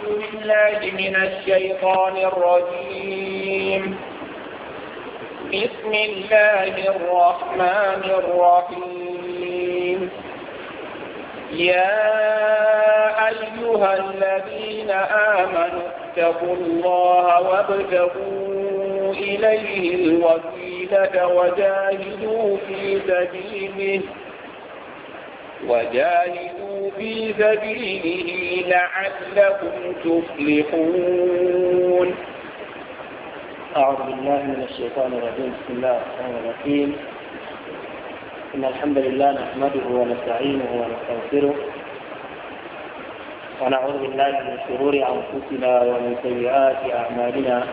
أعوذ بالله من الشيطان الرجيم بسم الله الرحمن الرحيم يا أيها الذين آمنوا اتقوا الله وابتغوا إليه الوسيلة وجاهدوا في سبيله وجاهدوا في سبيله لعلكم تفلحون أعوذ بالله من الشيطان الرجيم بسم الله الرحمن الرحيم إن الحمد لله نحمده ونستعينه ونستغفره ونعوذ بالله من شرور أنفسنا ومن سيئات أعمالنا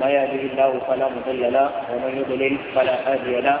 ما يهده الله فلا مضل له ومن يضلل فلا هادي له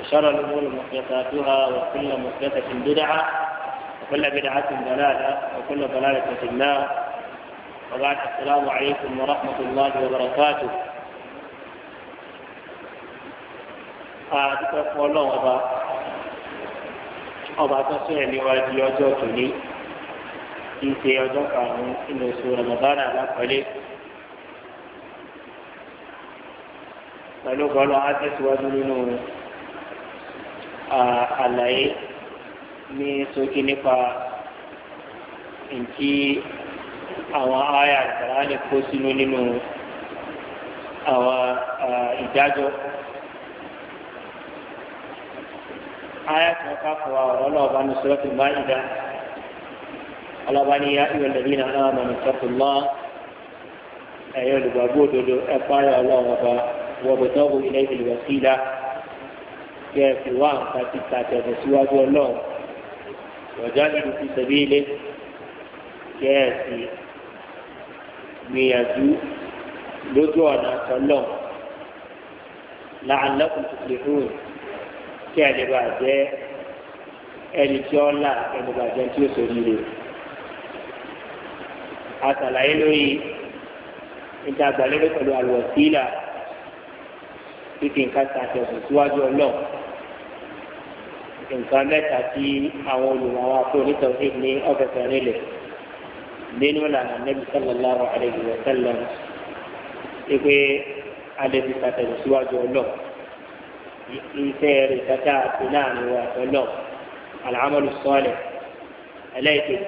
وشر الأمور محدثاتها وكل محدثة بدعة وكل بدعة ضلالة وكل ضلالة في النار وبعد السلام عليكم ورحمة الله وبركاته أعطيك أقول الله أبا أبا تسوي أني وعد يوجو تولي إنت يوجو كامون إنه سورة مدانة لا قليل فلو قالوا عادت وادو àlàyé ní sókè nípa nǹkí àwọn àyà àgbàlá kó sínú nínú àwọn ìdájọ́. آيات وقفوا والله بأن سورة المائدة الله بأن يا أيها الذين آمنوا اتقوا الله أيها الوابود أفايا الله وبتغوا إليه الوسيلة kí ẹ fi wá nǹkan ti ta tẹ̀sán síwájú ọlọ́run ìrọ̀jà nínú fi sẹ́bí ilé kí ẹ sì gbìyànjú lójú ọ̀nà àtọ́lọ́ làálẹ́kùn tuntun fún kí ẹ lè bá jẹ́ ẹni tí ó là ẹni bá tí ó sọ̀rọ̀ rẹ̀ àtàlàyé lórí níta àgbàlérò pẹ̀lú àlùwọ̀síìlà fífi nǹkan ta tẹ̀sán síwájú ọlọ́run nǹkan mẹ́ta tí àwọn olùmọ̀wá tó onítọ̀sí ní ọ̀fẹ̀fẹ̀ nílẹ̀ nínú ìlànà nẹ́bí sallallahu alayhi wa sallam pé alẹ́bí sàtẹ̀lẹ̀ síwájú ọlọ́ iṣẹ́ rẹ̀ tata àti láàrin wa ọlọ́ alàmọ́lù sọ́ọ̀lẹ̀ ẹlẹ́ẹ̀kẹ́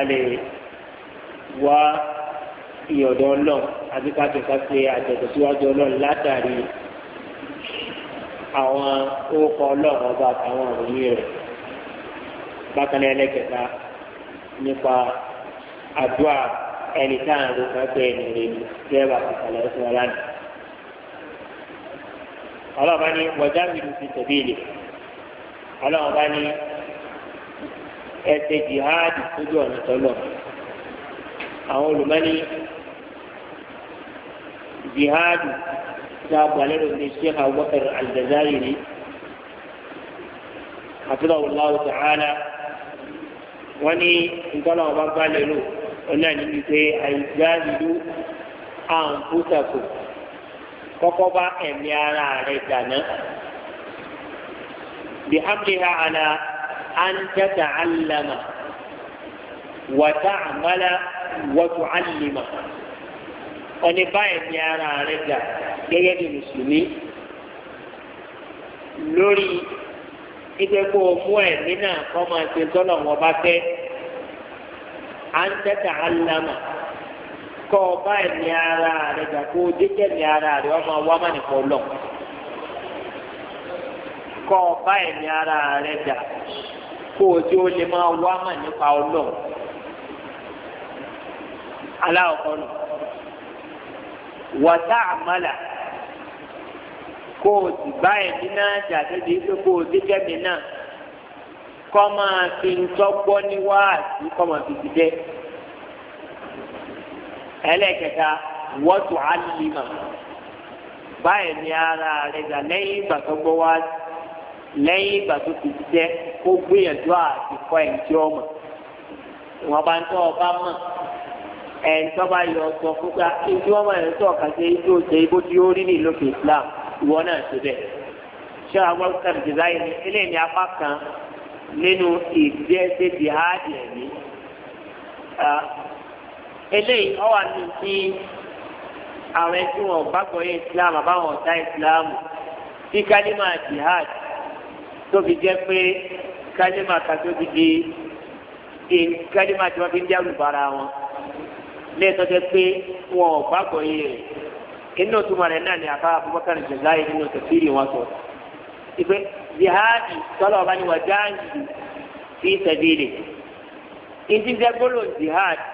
alẹ́ wá ìyọ̀dọ̀ ọlọ́ àbíkájọ́ ká ṣe àtẹ̀lẹ̀ síwájú ọlọ́ látàrí àwọn orúkọ ọlọ́run ọba àtàwọn òròyìn rẹ̀ bákan náà ẹlẹ́kẹta nípa àdúrà ẹni tá à ń ro pẹ́pẹ́ ẹni rẹ̀ ní dẹ́rẹ́bà kọ̀ọ̀kan ẹ̀sìn ọ̀lànà. ọlọ́ọ̀bá ní wọ́jà ìlú ti tẹ̀lé ilé ọlọ́ọ̀bá ní ẹsẹ̀ jihad sójú ọ̀nà tọ́lọ̀ àwọn olùmọ́ni jihad dáàbò alẹ́ ní sheikh abubakar aljazairi hafizahu allahu ta'ala wọ́n ní nǹkan náà bá gbá lérò ọ̀nà ní wípé àìjáàlú àǹfùsàkù kọ́kọ́ bá ẹ̀mí ara rẹ̀ dáná bí hamliha ala an tata wa ta'amala wa tu'allima ọ̀nà bá ẹ̀mí ara rẹ̀ dáná gẹ́gẹ́ bí mùsùlùmí lórí ìgbẹ́ kó o mú ẹ̀mí náà kọ́ máa ṣe tọ́lọ̀ wọn bá fẹ́ à ń tẹ́tà álámà kọ́ ọ bá ẹ̀mí ara rẹ̀ gbà kó o dékẹ́ ẹ̀mí ara rẹ̀ wọ́n máa wá mánì kọ́ lọ. kọ́ ọ ẹ̀mí ara rẹ̀ gbà kó o tí ó lè máa wá mánì pa ọ aláwọ̀ kọ́ nù àmàlà kó o sì bá ẹ̀mí náà jà débi pé kó o dé kẹ́mi náà kọ́ máa fi ń tọ́gbọ́ ní wáàsí kọ́ máa fi dìde. ẹlẹ́kẹta wọ́tò alìmọ̀ bá ẹ̀mí ara rẹ̀ jà lẹ́yìn ìgbà tó gbọ́ wá lẹ́yìn ìgbà tó fi dìde kó gbìyànjú àti kọ́ ẹ̀ tí ọmọ. ìwọ̀n bá ń tọ́ ọba mọ̀ ẹ̀ ń tọ́ bá yọ ọ̀sọ̀ fúnka ah, ìjọba ẹ̀ ń tọ́ ọ̀kà sí ijó ṣe ibó tí ó rí ní ìlú Islam ìwọ náà ṣe bẹ́ẹ̀ ṣé àwọn kan design eléyìí ní apá kan nínú ìdí ẹsẹ̀ ti há díẹ̀ ní. eléyìí ọwọ́ àti ti àwọn ẹni tí wọn bá gbọ́ yé islam àbáwọn ọ̀tá islam tí kálímà jihad tóbi jẹ́ pé kálímà kàtó ti di kálímà tí wọ́n fi ń dẹ́rù bara wọn lẹ́tọ́ jẹ́ pé wọn ò bá gbọ́ yé rẹ̀ inú túmọ̀ rẹ̀ náà ni àfa Abubakar jazayi nínú tafsiri wọn sọ ìpè jihadi tọ́lọ̀ ọba ni wà jáàjì fi sẹ́bìlì ìdí jẹ́ gbólóhùn jihadi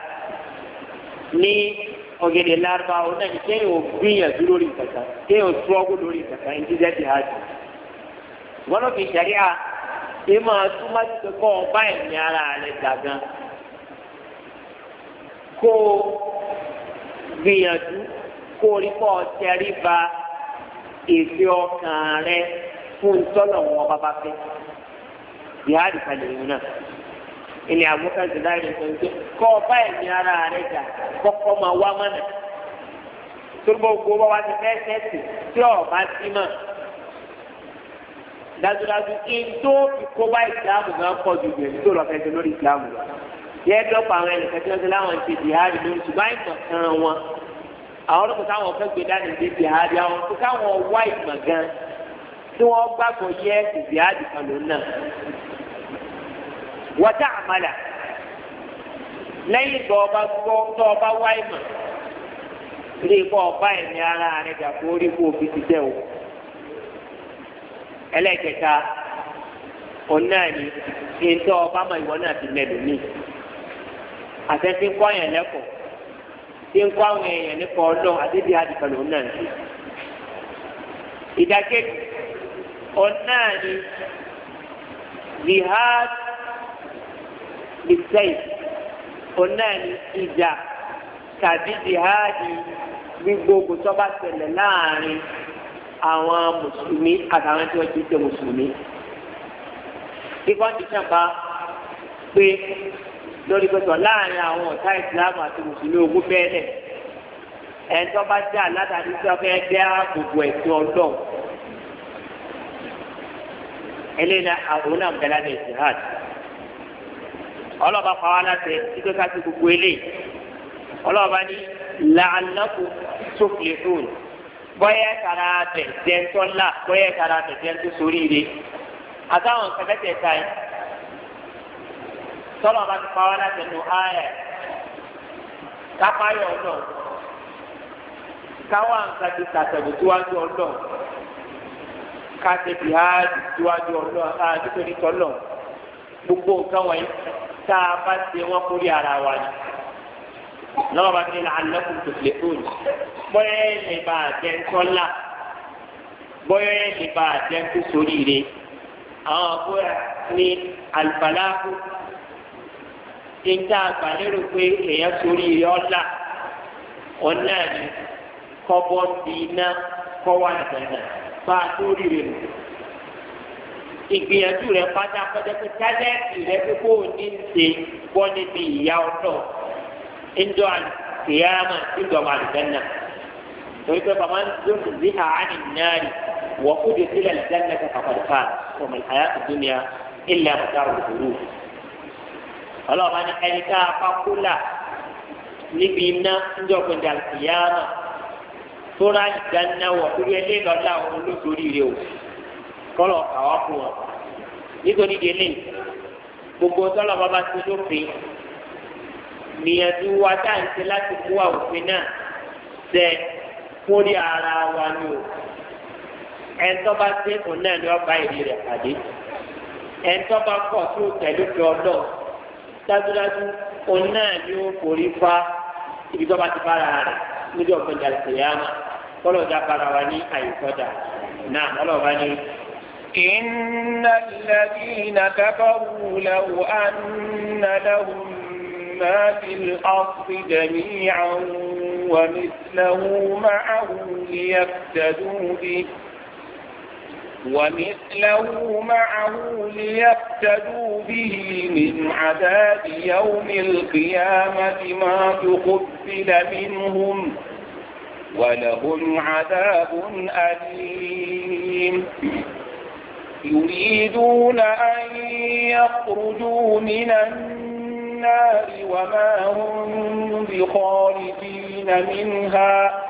ní ọ̀gẹ̀dẹ̀ lárúbáwò náà kéèyàn ò gbìyànjú lórí ìkàkà kéèyàn ò túwọ́gbó lórí ìkàkà ìdí jẹ́ jihadi wọn lọ́ọ́ fi ṣàríà ṣe máa túmọ̀ sí pé kọ́ ọba ẹ̀mí ara rẹ̀ dàgán kó kó o rí pọ̀ tẹríba èsì ọkàn rẹ fún tọ́lọ̀ wọn bàbá fẹ́. Ìyá àdìpalẹ̀ yìí náà. Ilé àbúkà ìṣẹ̀dá rẹ̀ sọ pé kọ́ ọba ẹ̀mí ara rẹ̀ jà kọ́kọ́ máa wá mọ́nà. Sọ́dọ̀ gbogbo wa wá ti fẹ́ sẹ́sì tí ọba sí mọ̀. Dájúdájú kí n tó fi kó bá ìsìlámù gan pọ̀ ju ìgbèrú tó lọ fẹ́ jẹ lórí ìsìlámù lọ. Yẹ́dọ̀pọ̀ àwọn ẹnìkan tí wọ́n ti láwọn ti dìhárì àwọn ọlọ́pàá táwọn fẹ́ gbé dání dé ti àárí àwọn tó káwọn wá ìmọ̀ gan tí wọ́n gbàgbọ́ yẹ ìdí àdì kan ló náà. wọ́tá àmàlà lẹ́yìn tó ọba gbọ́ tó ọba wá ìmọ̀ ilé ìfọ̀ ọba ẹ̀mí ara rẹ̀ dàpọ̀ orí kó o fi ti tẹ̀ o. ẹlẹ́kẹta ọ̀nà ni ìtọ́ ọba mọ̀ ìwọ náà ti mẹ́lòmíì àtẹ̀sí yẹn lẹ́kọ̀ọ́ ṣe ń kọ́ àwọn èèyàn nípa ọlọ́run àdébí àdìpẹ̀lẹ̀ òun náà ń ṣe. ìdákẹ́jì ọ̀nà ni jihad bisẹ́yì ọ̀nà ni ìjà tàbí jihad gbogbo kòtọ́ba ṣẹlẹ̀ láàrin àwọn mùsùlùmí àtàwọn tí wọ́n ti ṣe mùsùlùmí. kíkọ́ ti ṣàpá pé lórí pẹ̀tọ̀ láàrin àwọn ọ̀tá ìsìlámù àti mùsùlùmí ogún fẹ́ẹ́lẹ̀ ẹ̀ńtọ́ bá dá látàrí tí wọ́n fẹ́ dá gbogbo ẹ̀sìn ọlọ́run eléyìí àwọn náà bẹ̀rẹ̀ láti ẹ̀sìn hàn ọlọ́ba pa wá láti ìgbé ká sí gbogbo eléyìí ọlọ́ba ní làálàkù sófìlẹ̀ fún bọ́yẹ̀ kára bẹ̀ jẹ́ ńtọ́lá bọ́yẹ̀ kára bẹ̀ jẹ́ ńtọ́ àtàwọn kẹfẹ́ tọ́lọ̀ bá ti pa wá láti ẹnu ayẹ kápáyọ̀ ọ̀dọ̀ káwá nǹkan ti tàtẹ̀wò síwájú ọ̀dọ̀ kátẹ́bí á síwájú ọ̀dọ̀ nítorí tọ́lọ̀ gbogbo nǹkan wọ̀nyí tá a bá ṣe wọ́n kórí ara wa ni lọ́wọ́ bá ti ní alẹ́kùn tó lè fún mi ẹ̀ lè bá a jẹ́ ńkọ́lá bóyá ẹ̀ lè bá a jẹ́ ńkú sórí rẹ̀ àwọn àbúrò ní alùpàlà kù níta àgbàlérò pé èèyàn torí rẹ̀ ọ̀la ọ̀la ni kọ́bọ́ ti iná kọ́wá ìgbàlá bá a torí rẹ̀ nù. ìgbìyànjú rẹ̀ pátá pátá pé tálẹ́ẹ̀tì rẹ̀ pé kó o ní ṣe bọ́ níbi ìyá ọ̀tọ̀ ńjọ àlùkìyàmà ńjọba àlùkẹ́nà torí pé bàbá ń dún ìdíhà ánì náà wọ́n kú sílẹ̀ lẹ́gbẹ̀ẹ́ kàkàkọ̀ fà ọmọ ìhàyà ìdúnyà ilẹ̀ àbùkà òdòdó ọlọ́ọ̀bá ní ẹni tá a pa kúlà níbi iná ńjọ̀gbìn dàlùkìyàmà tó rà ìdánáwọ̀ torí ẹlẹ́ lọ́dà òun lóṣòrí rẹ o kọ́lọ̀ kàwá fún wọn. nítorí délé gbogbo tọ́lọ́ba bá ti lófin gbìyànjú wa dáǹtí láti mú àwòfin náà ṣẹ kórè ara wa ni o ẹ̀ńtọ́ bá ṣe òun náà ni ọba ìdí rẹ̀ pàdé ẹ̀ńtọ́ bá pọ̀ tó tẹ̀lé fi ọlọ́ọ̀ dájúdájú òun náà ni ó forí fa ibi tó bá ti bára rẹ̀ níbi ọ̀gbìn jàlùkìyàmà kọ́lọ̀ dá bára wa ní àyíkọ́dà náà ọlọ́ọ̀bá ní. إن الذين كفروا لو أن لهم ما في الأرض جميعا ومثله معه ليفتدوا به ومثله معه ليفتدوا به من عذاب يوم القيامة ما تقبل منهم ولهم عذاب أليم يريدون أن يخرجوا من النار وما هم بخارجين منها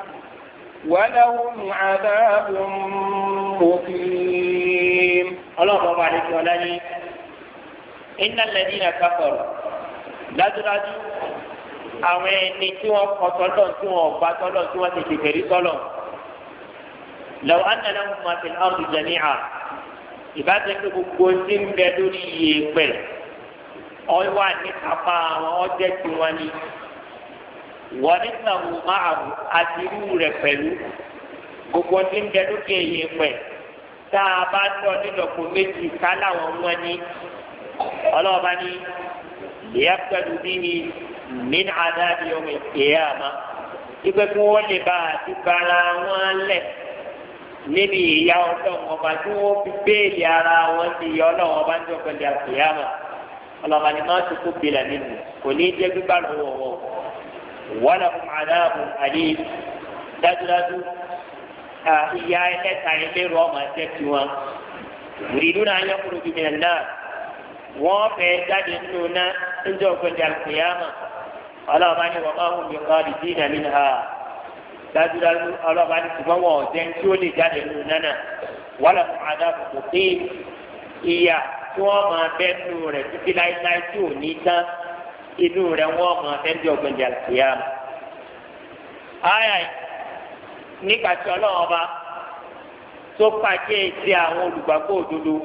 ولهم عذاب مقيم الله عليك ولاني إن الذين كفروا لدرجة تراجعوا àwọn ẹni tí wọn kọ sọlọ tí wọn ọba sọlọ tí wọn ti tètèrè sọlọ lọ́wọ́ anana mọ àti ọdún jẹmí à ìbáṣe pé gbogbo ti ń bẹ lórí iye pẹ ọ wà ní kápá àwọn ọjẹ tiwọn ni. wọ́n nígbà wò máa àtirú rẹ̀ pẹ̀lú gbogbo ní ń bẹ lókè yìí pẹ̀ tá a bá tọ́ nílọ̀pọ̀ méjì ká láwọn wọn ní ọlọ́ọ̀bá ní lẹ́yàpẹ̀lú bí ní min adabi omi ipe kí lè bá àdúgbò ara wọn níbi ìyá tí wọ́n fi béèlì ara wọn ń jọ ni má tó kó kò ní í wọ́lọ́hùn aláàbò àlè dájúdájú ìyá ẹlẹ́ta ẹlẹ́rọ ọmọ ẹ̀jẹ̀ tí wọn. ìrìnnú náà yẹ kúrò bíi mìíràn náà wọ́n fẹ́ jáde nínú náà ń jẹ́ ògbẹ́jà kìyàmà ọlọ́ọ̀bá ni wọ́n máa ń wùmí kọ́ àdìsí ìnàmí náà dájúdájú ọlọ́ọ̀bá ni ṣùgbọ́n wọn ò jẹ́ tí ó lè jáde nínú náà náà wọ́lọ́hùn aláàbò kò pé ìyá tí wọ́n máa bẹ́ẹ̀ nínú rẹ̀ títí láíláí tí ò ní tán inú rẹ̀ wọ́n mọ̀ ẹ̀ńdí ọ̀gbìnjà kìá. ayà nígbà tí ọlọ́run ọba tó pàṣẹ ti àwọn olùgbàgbọ́ òdodo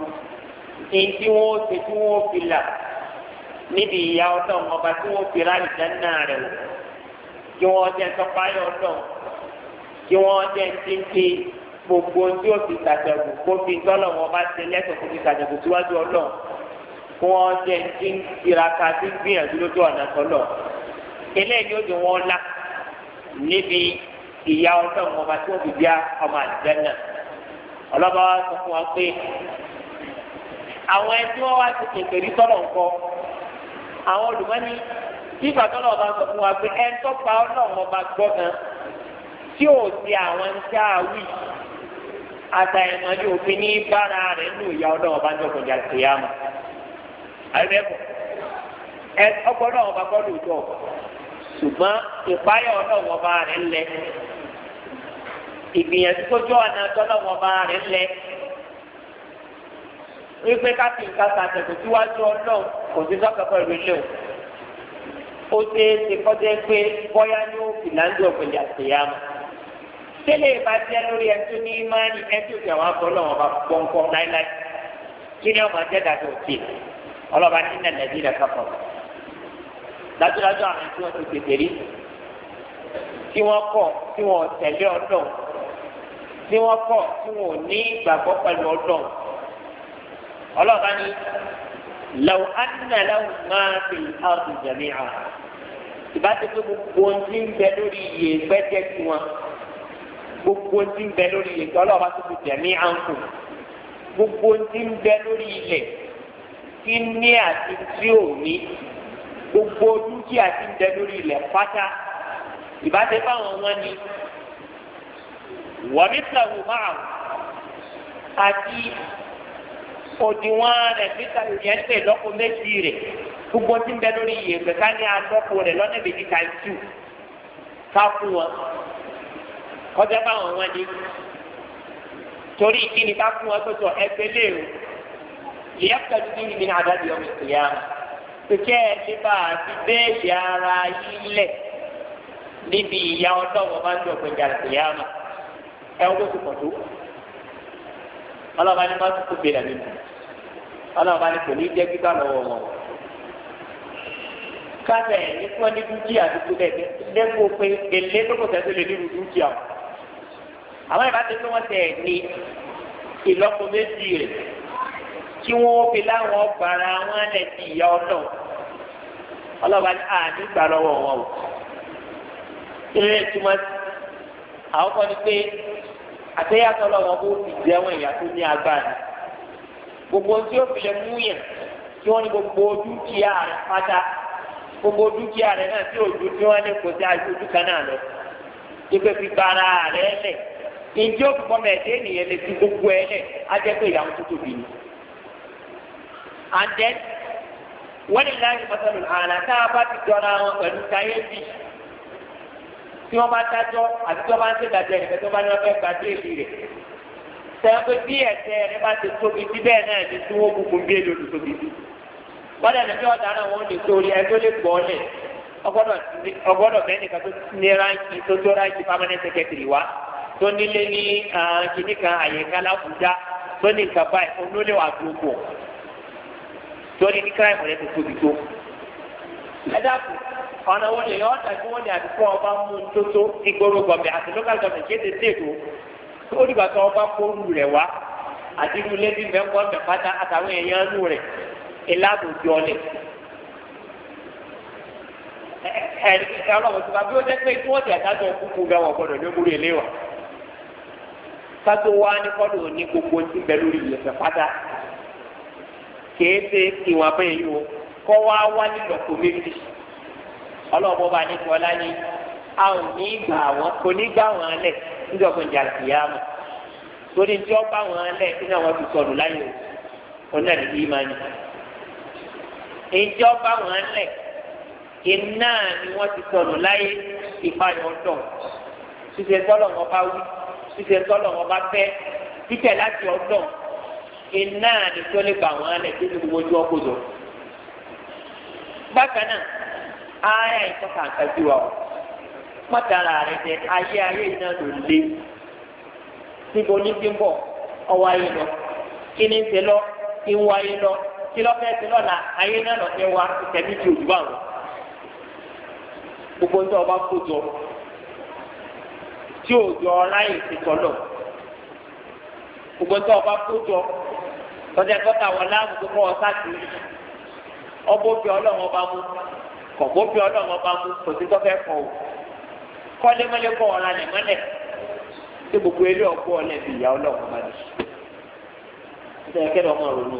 ní tí wọ́n ṣe tí wọ́n fi là níbi ìyá ọlọ́run ọba tí wọ́n fi ráàlì dáná rẹ̀ wò kí wọ́n jẹ́ sọ́páyọ̀ ọlọ́run kí wọ́n jẹ́ títí gbogbo tí ó fi ṣàtẹ̀wò kó fi tọ́lọ̀ wọn bá ṣe lẹ́sọ̀ fi ṣàtẹ̀wò síwájú ọlọ́run kó wọn jẹ ti ń tiraka ti ń gbìyànjú lójú ọ̀nà sọlọ eléyìí ó di wọn la níbi ìyá ọlọ́run ọba tí wọ́n fi bíá ọmọ àdìjẹ́nà ọlọ́ba wa sọ fún wa pé àwọn ẹni tí wọ́n wá ti tètè rí sọ́nà ńkọ́ àwọn olùmọ́ni tí ìgbàdàn náà bá sọ fún wa pé ẹni tó pa ọlọ́run ọba gbọ́ gan tí ò sí àwọn ń dá àwì àtàyẹ̀mọ́ ni òfin ní bára rẹ̀ nù ìyá ọlọ́run ọba jọ̀gbọ̀n jà sí àmọ́ àyẹ̀bọ̀ ẹ ọgbọ́n náà ọba kọ́ lóòótọ́ ṣùgbọ́n ìpáyọ̀ náà wọ́n bá rẹ̀ lẹ̀ ìgbìyànjú tó jọ ọ̀nà tó náà wọ́n bá rẹ̀ lẹ̀ wípé káfí ìkàtà àtẹ̀kù síwájú ọlọ́ọ̀ kò sí sọ́kàkọ́ ìlú ilé o ó ṣe é ṣe kọ́jẹ́ pé bọ́yá ní ó fi láńdú ọ̀gbìnlẹ̀ àtẹ̀yàmọ́ tẹ́lẹ̀ bá jẹ́ lórí ẹtú ní imáàní ẹtú ìfẹ́ wọn bọ́ lọ́wọ́ bá pọ́ńpọ́ láíláí kí ni ọmọ ajẹ́dàgbọ̀ tiẹ̀ ọlọ́ba ní nà nàbí rẹ̀ kọ́kọ́ dájúdájú àwọn tí wọ́n ti tètè rí tí wọ́n kọ̀ tí wọ́n tẹ̀lé ọdọ̀ tí wọ́n kọ̀ tí wọ́n ní ìgbàgbọ́ pẹ̀lú ọdọ̀ ọlọ́ba ní lọ́wọ́ ánà lọ́wọ́ máa fi àrùn jẹ̀mí hàn ìbá ti pé gbogbo ohun ń bẹ lórí iye gbẹ́jẹ́ tiwọn gbogbo ohun ń bẹ lórí iye tí ọlọ́ba tó fi jẹ̀mí hàn kù gbogbo ohun ń bẹ lórí ilẹ̀. tí ní àti tí ò ní gbogbo dúkìá ti ń lórí ilẹ̀ pátá ìbáṣe báwọn wọn ni wọ́n máa àti òdiwọ̀n rẹ̀ níta ìyẹn tẹ̀ méjì rẹ̀ gbogbo ti ń bẹ lórí ìyẹ̀pẹ̀ ní wọn kọjá báwọn wọn ni liyabtadu bihi min adabi yawm al-qiyamah kìkẹ́ ẹ ti bá a ti bẹ́ẹ̀lì ara yín lẹ̀ níbi ìyá ọlọ́wọ́ bá ń lọ pẹ̀lú àlùkìyàmà ẹ wọ́n tó pọ̀ tó ọlọ́ba ní má tó gbé lẹ́nu ọlọ́ba ní kò ní jẹ́ gbígbà lọ́wọ́ wọn. kábẹ̀ ní kí wọ́n ní dúkìá dúkú lẹ́gbẹ́ lẹ́gbẹ́ pé èlé tó lè nínú dúkìá o àwọn ìbátan tó wọ́n tẹ̀ ní ìlọ́po méjì rẹ̀. kí wọ́n fi láwọn bara wọn lẹ̀ sí ìyá ọlọ́ ọlọ́ba ní àní gbà lọ́wọ́ wọn o ilé túmọ̀ àwọn kan ní pé àtẹ́yàtọ̀ lọ́wọ́ kó fi jẹ́wọ́n ìyá tó ní agbára gbogbo tí ó fi lè mú yẹn tí wọ́n ní gbogbo dúkìá rẹ̀ pátá gbogbo dúkìá rẹ̀ náà tí ojú tí wọ́n lè kó sí ojú kan náà lọ ìpè fipá ara rẹ̀ lẹ̀ ìjọ́ lè gbogbo ẹ pé ìyàwó tó and then wọ́n lè láyé pàtàkì ààlà tá a bá ti jọra wọn pẹ̀lú táyé bì tí wọ́n bá dájọ́ àti tí wọ́n bá ń ṣe dàjẹ́ ìfẹ́ tó bá ní wọ́n fẹ́ gba déèlì rẹ̀ sẹ́wọ́n pé bí ẹ̀sẹ̀ rẹ bá ti tóbi sí bẹ́ẹ̀ náà ni tí wọ́n gbogbo bí èlò tó tóbi sí. wọ́n dẹ̀ lọ́jọ́ ọ̀dà náà wọ́n lè torí ẹ tó lè gbọ́ lẹ̀ ọgbọ́dọ̀ mẹ́nìkan tó ní ráńkì tó tó ráńkì permanent secretary wa tó nílé ní ah, kìnnìkan àyíká lábùjá tó ní nǹkan báyìí onólè wà gbogbo torí ní kíráìmù rẹ ti tóbi tó. ẹ dákun ọ̀nà wo lèyàn ọ̀tà tí wọ́n ní àdúgbò ọba mú tó tó ní gbòòrò gọ̀mẹ̀ àti local government kéde stéètò ó dìgbà tó ọba kóru rẹ̀ wá àti inú lẹ́bí mẹ́kọ́ mẹ́fàtà àtàwọn èèyàn nù rẹ̀ ìlàbòjọ lẹ̀. ẹ ẹ ọlọ́wọ́ tó bá o ó jẹ́ pé o wọ́n ti àtàjọ kúkú bẹ́ẹ̀ wọ̀ gbọ́dọ̀ ní orí ilé wa. kátó wá ní kọ́dọ̀ ní gbogbo ti bẹ lórí ìyẹ̀fẹ̀ pátá kèé ṣe ìwà bẹ́ẹ̀ yìí o kọ́ wá wá nílọ̀kọ méjì ọlọ́ọ̀bọ bá ní ni a ò ní gbà wọ́n kò ní gbà wọ́n lẹ̀ ìjà mọ̀ torí bá wọn lẹ̀ kí náà wọ́n fi sọ̀rọ̀ láyò ni. ìjọ bá wọn lẹ̀ iná ni wọ́n ti sọ̀rọ̀ láyé ìpayọ̀ ọ̀dọ̀ ṣíṣe tọ́lọ̀ wọn bá wí ṣíṣe wọn bá fẹ́ títẹ̀ láti iná ni tí lè bá wọn lẹ̀ tí gbogbo ojú ọkọ̀ jọ. bákan náà ayé o mọ́tàlá rẹ̀ jẹ́ ayé ayé iná ló lé síbi onídìbò ọwọ́ ayé lọ kí ni ń ṣe lọ kí ń wá lọ kí lọ́fẹ́ ti ayé náà wá ti òjú bá wọn gbogbo ní ọba kójọ tí ti gbogbo ọba tọ́jà kọ́ta wọn láàmú tó kọ́ wọn sáàkiri ọbọ̀ bí ọlọ́wọ́n bá mú kọ̀bọ̀ bí ọlọ́wọ́n bá mú kò sí tọ́fẹ́ kọ́ o kọ́lémọ́lé kọ́ ọ̀la lẹ̀ mọ́lẹ̀ tí gbogbo ilé ọkọ ọlẹ́ bí ìyá ọlọ́wọ́n bá dì tọ́jà kẹ́lẹ́ ọmọ ronú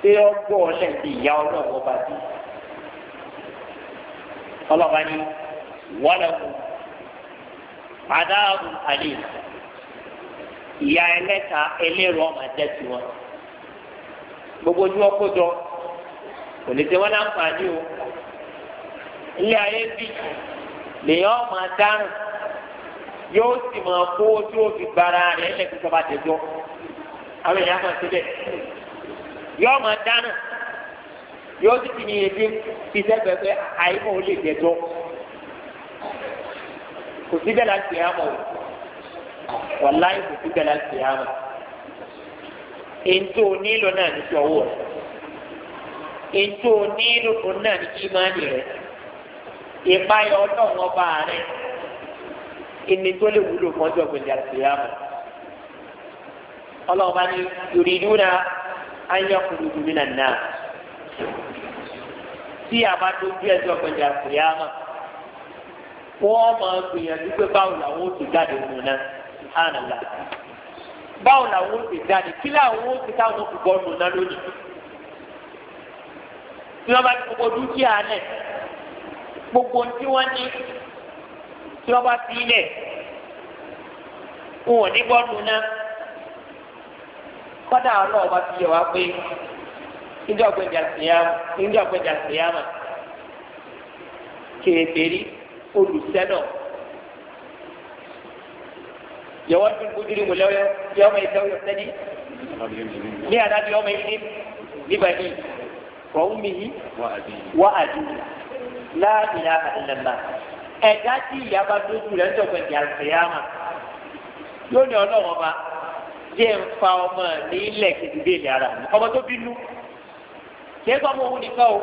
tí ọkọ ọlẹ́ bí ìyá ọlọ́wọ́n bá dì ọlọ́wọ́n ni wọ́lọ́wọ́ adáàbò àlè ìyá ẹlẹ́ta ẹlẹ́rọ ọmọ gbogbo ojú ọkọ jọ kò ní ṣe wọn láǹfààní o ilé ayé bì lèyàn ọmọ dáhùn yóò sì máa kó tí ó fi gbára rẹ̀ lẹ́kùn tó bá ti jọ àwọn èèyàn máa ṣe bẹ́ẹ̀ yóò máa dáhùn yóò sì ti ní ebi ti sẹ́gbẹ̀ẹ́ pé àìmọ̀ ó lè jẹjọ́ kò síbẹ̀ láti ṣe àmọ̀ wàláì kò síbẹ̀ láti ṣe àmọ̀ ètò onílò náà ní sọ̀wọ́ rẹ̀ ètò onílò náà ní ìmánì rẹ̀ ìpayà ọlọ́run ọba rẹ̀ ẹni tó lè wúlò fún ọjọ́ gbèndé àtìyàmù ọlọ́run bá ní yòrìdú náà ayọkùnrin dùnmí náà náà tí a bá dojú ẹjọ́ gbèndé àtìyàmù wọ́n máa gbìyànjú pé báwo làwọn ò ti jáde nù náà hàn án láti. báwo làwọn ó ti jáde kí làwọn ó ti na fi bọ́ọ̀lù náà lónìí tí wọ́n bá ti gbogbo dúkìá lẹ̀ gbogbo tí wọ́n ní tí wọ́n bá fi lẹ̀ wọn ò ní bọ́ọ̀lù náà kọ́dà bá fi yẹ يود المجرم لو يوم يسوي يفتدي لأن يومئذ لبنيه وأمه وأبيه لا إله إلا الله ẹ̀dá tí ìyá bá dójú rẹ̀ ń dọ̀gbọ̀n di àlùfẹ́yàmà yóò ní ọlọ́run ọba jẹ́ ń fa ọmọ ní ilẹ̀ kejìlé ilẹ̀ ara mi ọmọ tó bínú kí ẹ bá mọ òun nìkan o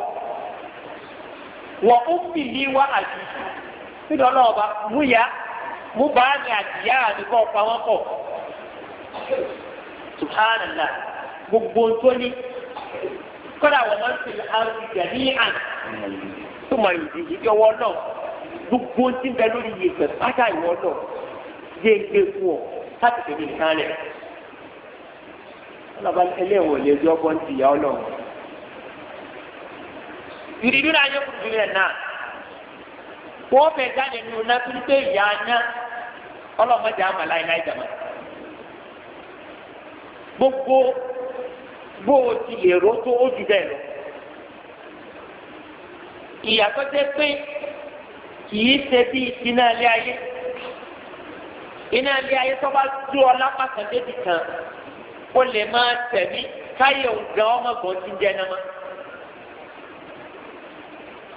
wọ́n ó bì ní wá àjù nínú ọlọ́run ọba mú ya mú ni ní àdìyá àdìbò ọ̀pá wọn pọ̀ subhanallah gbogbo tó ní kọ́dà wọn máa ń fi àrùjẹ ní àn tó máa yìí ìdí ọwọ́ náà gbogbo tí ń bẹ lórí ìyẹ̀pẹ̀ pátá ìwọ náà yé gbé fún ọ láti fi nìkan rẹ̀ ọlọ́ba ẹlẹ́wọ̀n lè jọ bọ́ ti ìyá ọlọ́run ìrírí náà yẹ kùdùrẹ́ náà wọ́n fẹ́ jáde nínú náà tó ìyá náà ọlọ́mọdé àmà láìláì dàmà gbogbo bó o ti lè ro tó o jù bẹ́ẹ̀ lọ ìyàtọ̀ jẹ́ pé kìí ṣe bí iná ilé ayé iná ilé ayé tó bá tú ọ lápapọ̀ débi kan o lè máa tẹ̀mí káyọ̀ gan ọmọkùnrin ti jẹ́ náà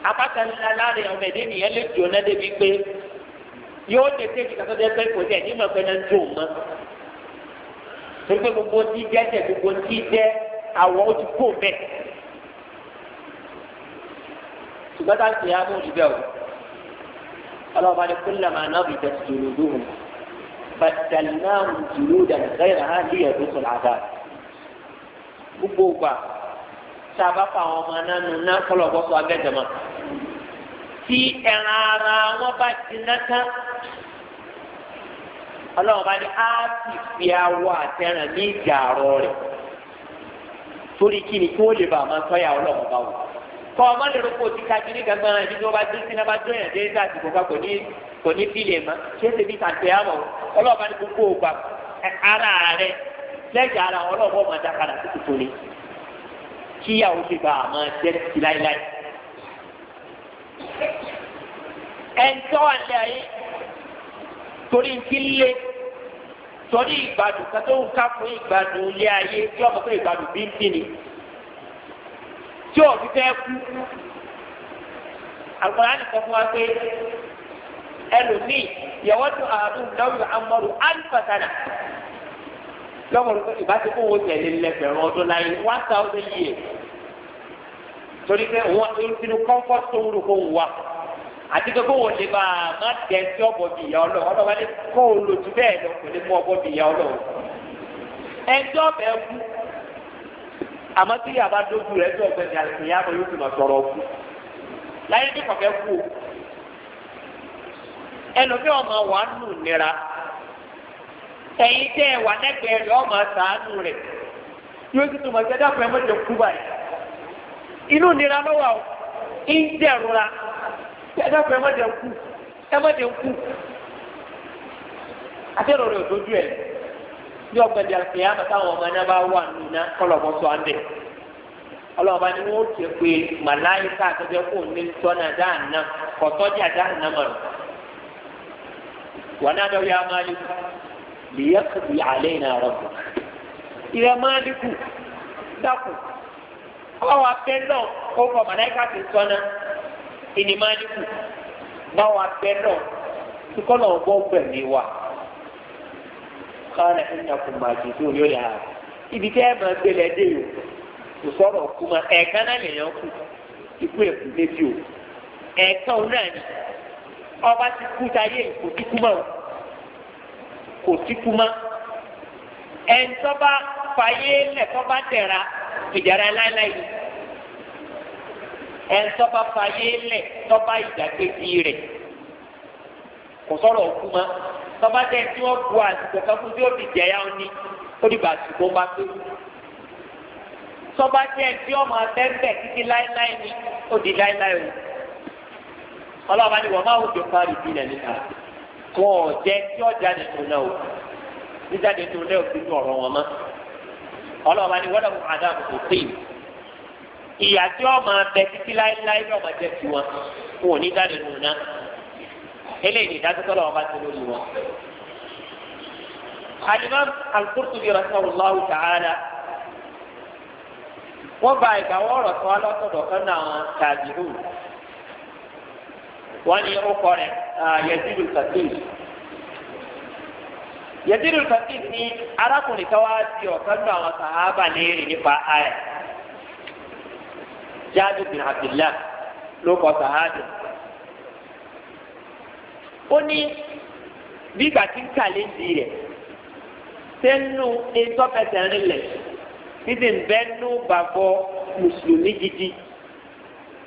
apáta ńlá láàrin ọmọ ẹ̀dẹ́ nìyẹn lè jóná débi pé yóò lè tẹ́jú kàtó tẹ́ pẹ́ kò tẹ́ ní ma pẹ́ náà ń tó mọ́. torí pé gbogbo ti jẹ́ tẹ̀ gbogbo ti jẹ́ àwọ̀ ó ti kó bẹ́ẹ̀. ṣùgbọ́n tá a ti yá mú ìbẹ́ o. ọlọ́ọ̀bá ni kúnlẹ̀ máa náà bí tẹ̀ tòló dùn. bàtàlínáàmù jùlọ dàgbà yẹn hàn lè yẹ sọ̀rọ̀ àgbà. gbogbo gbà tá a bá fa àwọn ọmọ náà nù náà tí ẹran ara wọn bá ti ná tán ọlọ́run bá ní á sì fi awọ àtẹ̀ràn ní ìjà àárọ̀ rẹ̀ torí kí ni kí wọ́n lè bá àwọn sọ́yà ọlọ́run bá wò kọ́ ọmọ lérò kó o ti kájú ní gbàgbọ́n ẹni tí wọ́n bá dún sínú bá dún ẹ̀yàn dé sáà tìkọ̀ ká kò ní kò ní fílẹ̀ mọ́ ṣe bí tàǹtẹ̀ ọlọ́run bá ní gbogbo ògbà ara rẹ̀ lẹ́yìn ara ọlọ́run ọmọ dákàrà tó tó ní kíyàwó ti bá àmọ́ ẹ̀ńtọ́ wà ní ayé torí ń ti lé torí ìgbádùn kátó ń ká fún ìgbádùn ilé ayé tí ọmọ pé ìgbádùn bí ń bì ní tí ò fi fẹ́ kú àgbọ̀nrán nìkan fún wa pé ẹlòmíì yẹ̀wọ́ tó àádùn lọ́wọ́ amọ̀rù alifasana lọ́wọ́rù pé ìbáṣe kó wo tẹ̀lé lẹ́gbẹ̀rún ọdún láyé one thousand years torí pé òun inú comfort tó wúlò kó wù wá àti pé kóò lè bá má tẹ sí ọ̀bọ̀ bí ìyá ọlọ́run ọlọ́run alẹ́ kó o lò jù lọ kò lè mú ọ̀bọ̀ bí ìyá ọlọ́run. ẹjọ́ bẹ́ẹ̀ kú àmọ́ tí ìyá bá dójú rẹ̀ tó ọ̀gbẹ́ni àtìyá bọ̀ yóò fi mà sọ̀rọ̀ kú láyé bí kọ̀ọ̀kẹ́ kú o. ẹlòmíì ọmọ wa nù nira ẹ̀yin tẹ́ ẹ wà lẹ́gbẹ̀ẹ́ rẹ̀ ọmọ sàánù rẹ̀ yóò sì tún kí ẹ dákun dị má jẹ ń kú ẹ ní ọ̀gbẹ̀dẹ̀ àfihàn àti bá wà nínú sọ àndẹ̀ ọlọ́ọ̀bá ni wọ́n ti pé màláìka àtọ́jọ́ kò ní sọ́nà dáhàná kọ̀tọ́jà dáhàná mọ̀rọ̀ wọn náà yà máa iná máa dákù náà ó kọ màláìka ti ìní máa dínkù báwọn abẹ náà tí kọ́ náà bọ́ pẹ̀lú wa káwọn ẹ̀sìn náà kò máa jù sí òní òní àárọ̀ ibi tẹ́ ẹ máa gbélé dé yòó kò sọ̀rọ̀ kú ma ẹ̀ẹ̀kan náà lè kú ikú èkú lébi o ẹ̀ẹ̀kan òun náà ni ọba ti kú táyé kò tí kú mọ́ kò tí kú mọ́ ẹ̀ńtọ́ bá fàyé lẹ̀ tọ́ bá tẹ̀ra ìdára láéláé yìí ẹn tọ́ba fàyè lẹ̀ tọ́ba ìdàkejì rẹ̀ kò sọ̀rọ̀ òkú ma tọ́ba tẹ̀ tí wọ́n bu àsìkò kan fún tí ó fi jẹ̀yà ó ní ó di bá àsìkò bá pé tọ́ba tẹ̀ tí ọmọ abẹ́ńbẹ̀ títí láéláé ní ó di láéláé o ọlọ́ọ̀bá ni wọ́n máa ń jọ fárí bí ilẹ̀ níta kò jẹ́ tí ọjà nìkan náà o jíjáde tó lẹ́yìn òfin ọ̀rọ̀ wọn mọ́ ọlọ́ọ̀bá ni wọ́n dàbò ìyà tí wọ́n máa bẹ títí láéláé bí wọ́n máa jẹ́ tiwọn wọn ò ní dáre nù náà eléyìí ìdájọ́ lọ́wọ́ bá ti lórí wọn. alimam al-Qurtubi rahimahullah ta'ala wọ́n bá ìgbàwọ́ ọ̀rọ̀ tó wá lọ́sọ̀dọ̀ kan náà tàbíhù wọ́n ní orúkọ rẹ̀ yẹtìlú kàtíl yẹtìlú kàtíl ní arákùnrin tó wá di ọ̀kan náà àwọn sàhábà léèrè nípa ayẹ̀ jáde bin abdullah ló kọ sàhádì ó ní bí ìgbà tí ń kàlé ń di rẹ̀ sẹ́nu ìtọ́fẹsẹ̀ rinlẹ̀ títí bẹ́ẹ̀nu bàbọ̀ mùsùlùmí gidi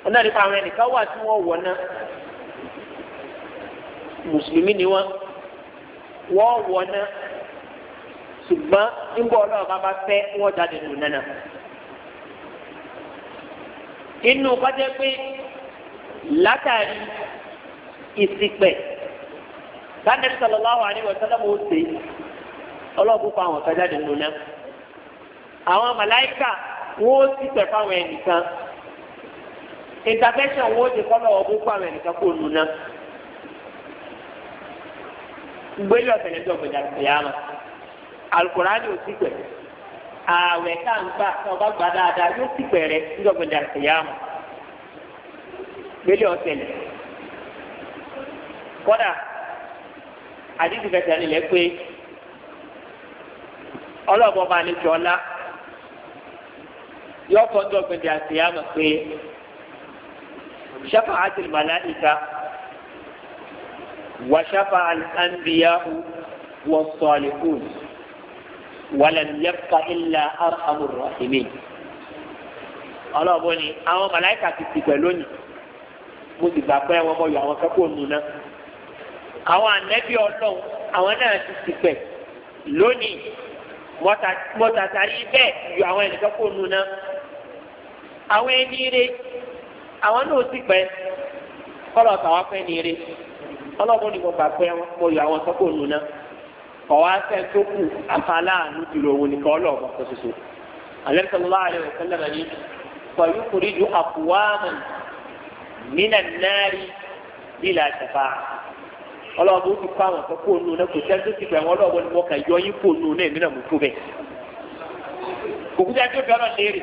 ọ̀nà nípa àwọn ẹnìkan wà tí wọ́n wọ̀ náà mùsùlùmí ni wọ́n wọ́n wọ̀ náà ṣùgbọ́n nígbà ọlọ́run bá bá fẹ́ wọ́n jáde nù náà inú kọjá pé látàrí ìsìpẹ̀ sanabi sallallahu alayhi wa sallam ó ṣe ọlọ́ọ̀bù pa àwọn kan jáde nínú náà àwọn màláìkà wọ́n ó sì pẹ̀ fáwọn ẹnìkan intervention wọ́n ó di kọ́ lọ́wọ́ bó fáwọn ẹnìkan kó nù náà gbélé ọ̀sẹ̀ lẹ́jọ́ gbẹ̀dà sí yàrá alukurani ò sí pẹ̀ ààwẹ̀ tá à ń gbà tí ọba gbà dáadáa yóò sì pẹ̀rẹ̀ nígbàgbọ́n dà ìyá mọ̀ gbélé ọ̀sẹ̀lẹ̀ kọ́dà àdídì fẹsẹ̀ nílẹ̀ pé ọlọ́ọ̀bọ̀ bá ní jọ́lá yóò kọ́ nígbàgbọ́n dà ìyá mọ̀ pé ṣẹ́fà ájìlì màláìka wà ṣẹ́fà àlùkànbíyà wọ̀ sọ̀lẹ̀kùn wàlẹ̀ yẹ́pà ilà arhamur rahimin. ọlọ́ọ̀bọ ni àwọn màláìkà ti ti pẹ̀ lónìí mo sì gbà pé wọn bọyọ àwọn kẹ́kọ̀ọ́ nù náà. àwọn ànẹ́bí ọlọ́run àwọn náà ti ti pẹ̀ lónìí mọ́tàtàrí bẹ́ẹ̀ yọ àwọn ẹnì kẹ́kọ̀ọ́ nù náà. àwọn ẹni rẹ àwọn náà ti pẹ́ kọ́lọ̀ tàwọn fẹ́ ni rẹ ọlọ́ọ̀bọ ni mo gbà pé mo yọ àwọn kẹ́kọ̀ọ́ nù náà kọ̀wáṣẹ́ tó kù afáláàánú jùlọ òun nìkan ọlọ́ọ̀bọ̀ kan ṣoṣo. alẹ́ sọ̀rọ̀ àárẹ̀ òkè lẹ́nu ní pẹ̀lú kùrìjù àkùwáàmù mínà náírì bílà ṣẹ̀fà. ọlọ́ọ̀bù ó ti kọ́ àwọn kan kó nù náà kò sẹ́ńtò ti bẹ̀rẹ̀ wọn ọlọ́ọ̀bù ni wọ́n kà yọ yín kó nù náà mínà mú tó bẹ̀. òkúta tó bẹ̀rẹ̀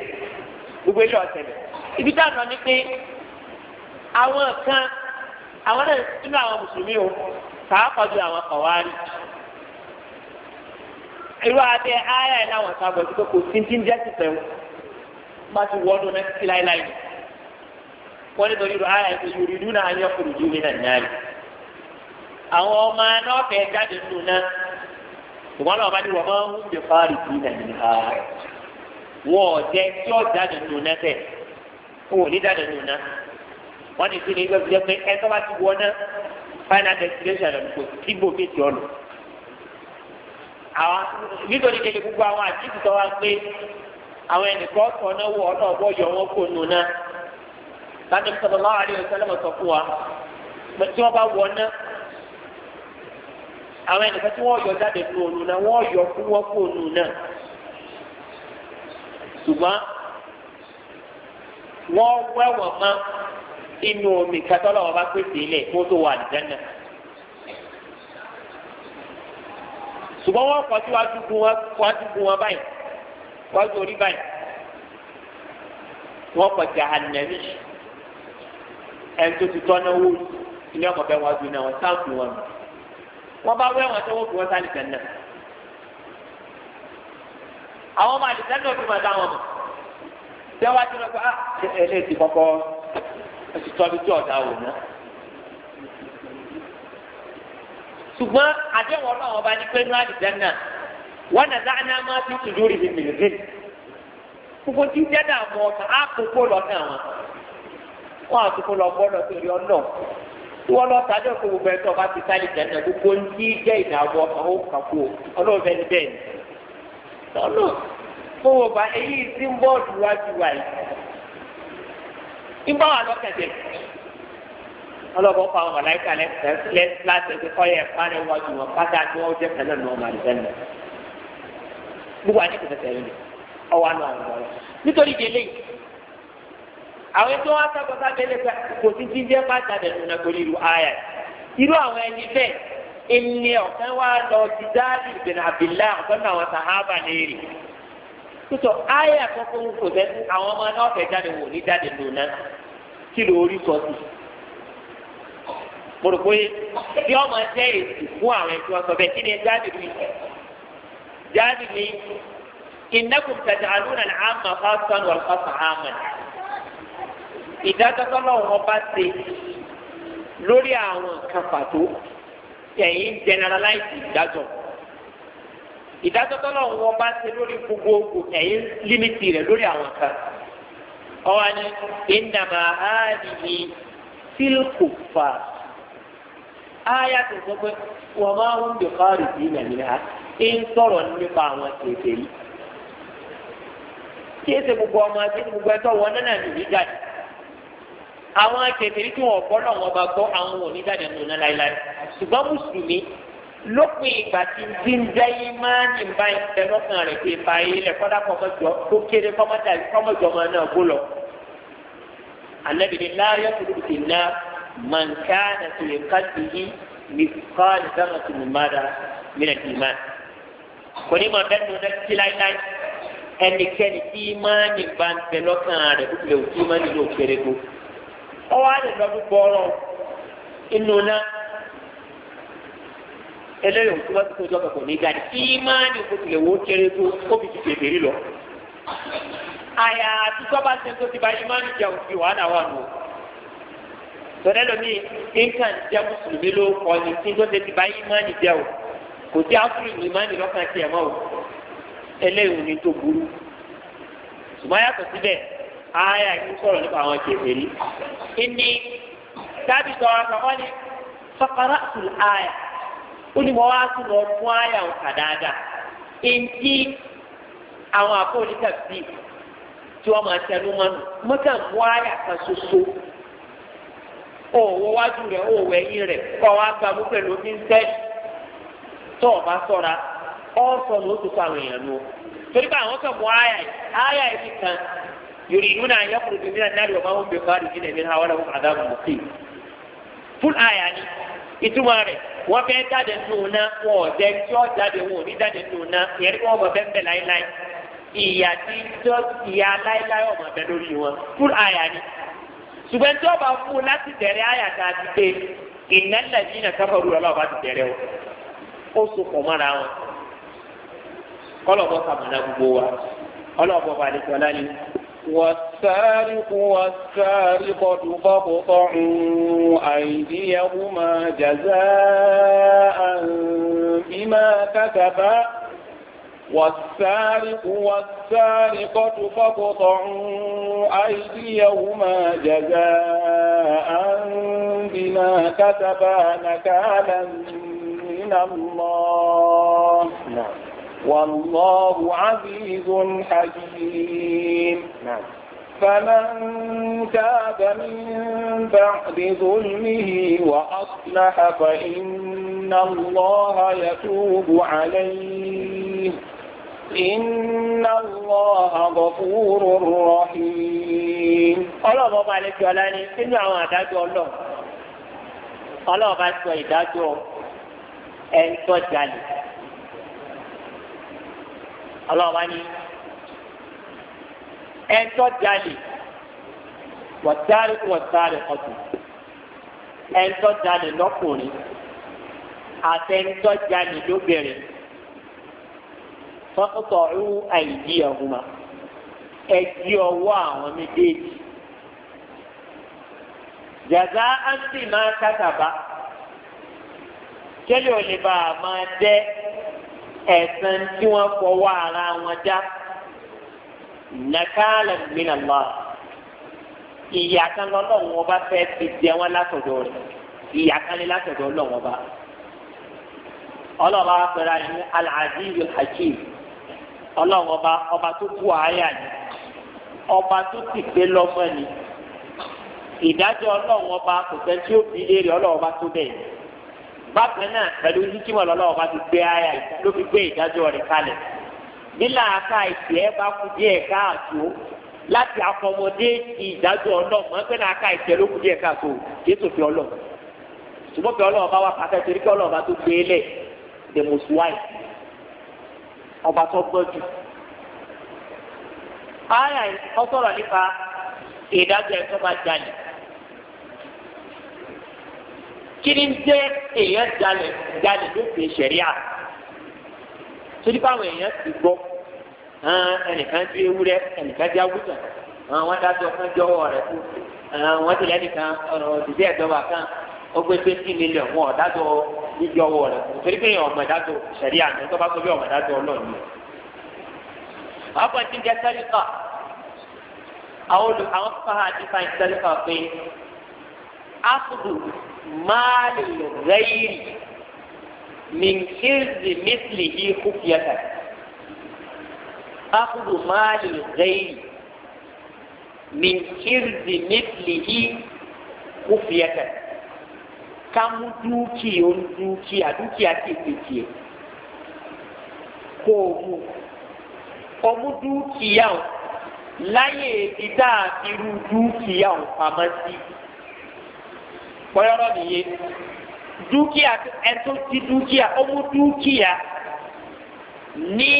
irú abẹ́ ayé ẹ̀ náà wọ́n sábọ̀ sí pé kò sí ti ń jẹ́ ti sẹ́wọ́ bá ti wọ́n dún náà sí láéláé wọ́n ní torí irú ayé ẹ̀ sẹ́yìn orí dúnà ayé ọkùnrin jù mí náà ní àlè àwọn ọmọ náà fẹ́ jáde nù náà ṣùgbọ́n náà wọ́n bá ní wọ́n máa ń wúndè fáàrí sí nàìjíríà wọ́n ọ̀jẹ́ tí ó jáde nù náà tẹ̀ wọ́n ní jáde nù náà wọ́n ní sí ní ẹgbẹ́ fi jẹ́ pé ẹ àwọn nítorí kejì gbogbo àwọn àdìsí tó wá pé àwọn ẹnìkan sọ náà wọ ọ̀nà ọ̀bọ yọ wọn kó nù náà láti sọ̀rọ̀ láwọn àdìsí sọ́lọ́mọ̀ sọ fún wa tí wọ́n bá wọ náà àwọn ẹnìkan tí wọ́n yọ jáde kúrò nù náà wọ́n yọ kú wọ́n kó nù náà ṣùgbọ́n wọ́n wẹ́wọ̀n mọ́ inú omi kẹtọ́lọ́wọ́ bá pèsè ilẹ̀ kó tó wà nìjẹ́ náà. ṣùgbọ́n wọ́n kọ́ sí wájú gun wọn wájú gun wọn báyìí wájú orí báyìí wọ́n kọ́ jahannami ẹni tó ti tọ́nà wó ilé ọmọ bẹ́ẹ̀ wájú náà wọ́n sáǹpù wọn nù wọ́n bá wẹ́ wọn tó wọ́n fi wọ́n sáré kan náà àwọn ọmọ àdìsẹ́ náà fi máa dá wọn mọ̀ tí wọ́n ti rọ pé ah, ẹ ẹ ti kọ́kọ́ ẹ ti tọ́ bí tí ọ̀dà wò náà. ṣùgbọ́n àdéhùn ọlọ́run ọba ní pé ní wọn nà dáná máa fi tùdú rí mi lè gbogbo tí jẹ́dá mọ̀ ọ̀tàn á kókó lọ́nà àwọn wọn àtúkò lọ gbọ́dọ̀ torí ọ̀nà tí wọ́n lọ sájọ́ kó gbogbo ẹ̀tọ́ ti jẹ́nà gbogbo ń tí jẹ́ kàkó ọlọ́run bẹ́ẹ̀ ni bẹ́ẹ̀ ni fún wọn bá èyí sí wájú wáyé ọlọ́bọ̀ pa àwọn màláìka lẹ́sẹ̀ láti ẹgbẹ́ kọ́ yẹ fún àwọn iwájú wọn pátá tí wọ́n jẹ́ pẹ̀lú ọ̀nà ọmọ àdìsẹ́ nù. gbogbo àti ìfẹsẹ̀ rẹ̀ ni ọwọ́ àná àwọn ọ̀rọ̀ nítorí délé àwọn tó wá sábà sábẹ́ lẹ́sẹ̀ kò sí ti jẹ́ pátá dẹ̀ nínú torí irú ayà irú àwọn ẹni bẹ́ẹ̀ ẹni ọ̀kan wá lọ ti dáàbì bin Abdullah ọ̀kan náà wọn sàhábà léèrè tó ayà kọ́kọ́ ń kò sẹ́ àwọn ọmọ náà fẹ́ jáde wò ní jáde lónà kí lóorí sọ sí i mo rò pé tí ọmọ ẹsẹ èsì fún àwọn ẹtí wọn sọ bẹ́ẹ̀ kí ni jáde mi jáde mi ìnákùn tàjà àlùnà ní àmà fásitán wà fásitán àmà ìdájọ́sọ́lọ́ wọn bá ṣe lórí àwọn nǹkan pàtó ẹ̀yìn generalize ìdájọ́ ìdájọ́sọ́lọ́ wọn bá ṣe lórí gbogbogbò ẹ̀yìn límítì rẹ̀ lórí àwọn nǹkan ọ̀wá ìnàmà áàdì ni sílùkù fàá áyà tó sọ pé wọ́n máa ń bè kárì sí nàìjíríà ẹ ń sọ̀rọ̀ nípa àwọn kèké yìí. kí ẹsẹ̀ gbogbo ọmọ àti gbogbo ẹ̀tọ́ wọn náà nìyí jáde. àwọn kèké yìí tí wọ́n gbọ́ náà wọ́n bá gbọ́ àwọn ò ní jáde nù náà láéláé. ṣùgbọ́n mùsùlùmí lópin ìgbà tí dídá yìí máa ń bá ìfẹ́ lọ́kàn rẹ̀ pé báyìí lẹ̀ kọ́dá kọ́mọ́jọ tó kéré kọ́mọ́jọ máa náà gbó lọ. àlẹ́ من kana fi qalbihi mithqal dharratin min mada min al-iman kò ní máa bẹ́ẹ̀ ní ọjọ́ títí láíláí ẹnikẹ́ni tí ìmánì bá ń bẹ lọ́kàn rẹ̀ kó tilẹ̀ òtí ìmánì yóò kéré kó ọwọ́ á lè lọ́dún gbọ́rọ̀ inú náà eléyìí òtí wọ́n ti tó jọ́kọ̀ kò ní jáde ìmánì kó tilẹ̀ wó kéré kó kó fi ti ba ìmánì jẹun fi wàhálà wà tọ́lẹ́ lomi nǹkan jẹ́ mùsùlùmí ló kọ́ ni tí tó ṣe ti bá ìmánì jẹ́ o kò sí áfírí ìmánì lọ́kàn tiẹ̀ mọ́ o eléyìí ni tó burú ṣùgbọ́n yàtọ̀ síbẹ̀ ayà yìí sọ̀rọ̀ nípa àwọn kèfèrí ìní dábì sọ̀rọ̀ àkọ́kọ́ ni fọkàrà sùn ayà ó ní mo wá sùn lọ fún ayà òkà dáadáa èntì àwọn àpò onítàbí tí wọ́n máa tẹnu mọ́nu mọ́tà mú ayà kan ṣoṣo. òwò wájú rẹ̀ òwò ẹ̀yìn rẹ̀ kọ́ wa gba mú pẹ̀lú bí ń tó o bá sọ̀ra ọ́ sọ ló ti pa àwọn èèyàn lò torí pé àwọn kan mú àyà àyà yìí kan yorì inú náà yẹ kúrò tèmi náà náà máa ń bẹ fáàrí jí lẹ́mí náà wọ́n àdá mọ̀ sí i fún àyà ni ìtumọ̀ rẹ̀ wọ́n fẹ́ jáde jáde wọn ò ní jáde ìyẹn kí wọ́n mọ̀ fẹ́ bẹ̀ ìyà tí ṣùgbọ́n tí ọba fún un láti bẹ̀rẹ̀ àyàtà àti pé ìnálẹ̀ yìí nà káfọ́rù ọlọ́ọ̀bá ti bẹ̀rẹ̀ o ó so pọ̀ mọ́ra wọn kọlọ́bọ̀ kàmùnà gbogbo wa ọlọ́bọ̀ balẹ̀ tọ́lá ni. والسارق والسارقة فاقطعوا أيديهما جزاء بما كسبا والسارق والسارقة فاقطعوا أيديهما جزاء بما كتبا نكالا من الله نعم. والله عزيز حكيم نعم. فمن تاب من بعد ظلمه وأصلح فإن الله يتوب عليه إن الله غفور رحيم ọlọ́run ọba àlejò ọlá ni nínú àwọn àdájọ́ ọlọ́run ọlọ́run bá sọ ìdájọ́ ẹ̀ńtọ́jalè ọlọ́run bá ní ẹ̀ńtọ́jalè wọ̀tárì wọ̀tárì ọ̀tún ẹ̀ńtọ́jalè lọ́kùnrin àtẹ̀ńtọ́jalè lóbìnrin fọ́kọ̀tọ̀ọ̀rù àìdí ọ̀húnmá ẹ̀jí ọwọ́ àwọn méjèèjì. Jàdá áńtì máa kátàbá. Kẹ́lẹ́ ò lè bá a máa dẹ́ ẹ̀sán tí wọ́n fọwọ́ ara wọn já. Nàkàlà mìíràn lọ. Ìyá kan lọ́lọ́run ọba fẹ́ ti jẹ wọn látọ̀dọ̀ rẹ̀. Ìyá kan lé látọ̀dọ̀ ọlọ́run ọba. Ọlọ́run ọba pẹ̀lú àyìn hakim ọlọ́run ọba ọba tó kú àáyà ni ọba tó sì pé lọ́mọ ni ìdájọ́ ọlọ́run ọba kò fẹ́ tí ó fi léèrè ọlọ́run ọba tó bẹ̀ yìí bákan náà pẹ̀lú yíkímọ̀ lọ́lọ́run ọba ti gbé àáyà ló fi gbé ìdájọ́ rẹ̀ kalẹ̀ nílà aka ìsì ẹ bá kú díẹ̀ káàtó láti afọmọdé ìdájọ́ ọlọ́run mọ́ pé náà aka ìsì ẹ ló kú díẹ̀ káàtó jésù fi ọlọ́run ṣùgbọ́n fi ọlọ́run ọba wà pàtàkì torí kí ọlọ́run ọba tó gbé e lẹ̀ dèmọ̀sùwáìsì ọba tó gbọ́ jù. Àyà ọ sọ̀rọ̀ nípa ìdájọ́ ẹ̀ tó bá jalè. Kí ni jẹ́ èèyàn jalè jalè lófin ṣẹ̀ríà? Torí báwọn èèyàn ti gbọ́, ẹnìkan ju ewúrẹ́, ẹnìkan ju awúsàn, wọ́n dájọ́ kan jọwọ́ rẹ̀ kú, wọ́n ti lẹ́nìkan ọ̀rọ̀ òṣìṣẹ́ ìjọba kan ó gbé twenty million wọn ọ̀dájọ́ yíyọ ọwọ́ rẹ̀ torí pé ọmọ ìdájọ́ ìṣẹ̀rí àná tó bá sọ bí ọmọ ìdájọ́ ọlọ́ọ̀ni. ọ̀pọ̀ ti jẹ́ sẹ́ríkà àwọn olù àwọn fáwọn àti fáwọn sẹ́ríkà pé áfùdù máa lè lò rẹ́yìn mísìlì yìí kú fìyàtà. áfùdù máa lè lò mísìlì yìí kú fìyàtà ká mú dúkìá dúkìá dúkìá tìpìtìẹ kó o mú ọmú dúkìá o láyé ibi tá a fi rú dúkìá o pamọ́ sí pọ́yọ́rọ́ nìyẹn dúkìá ẹ̀tọ́ ti dúkìá ọmú dúkìá ní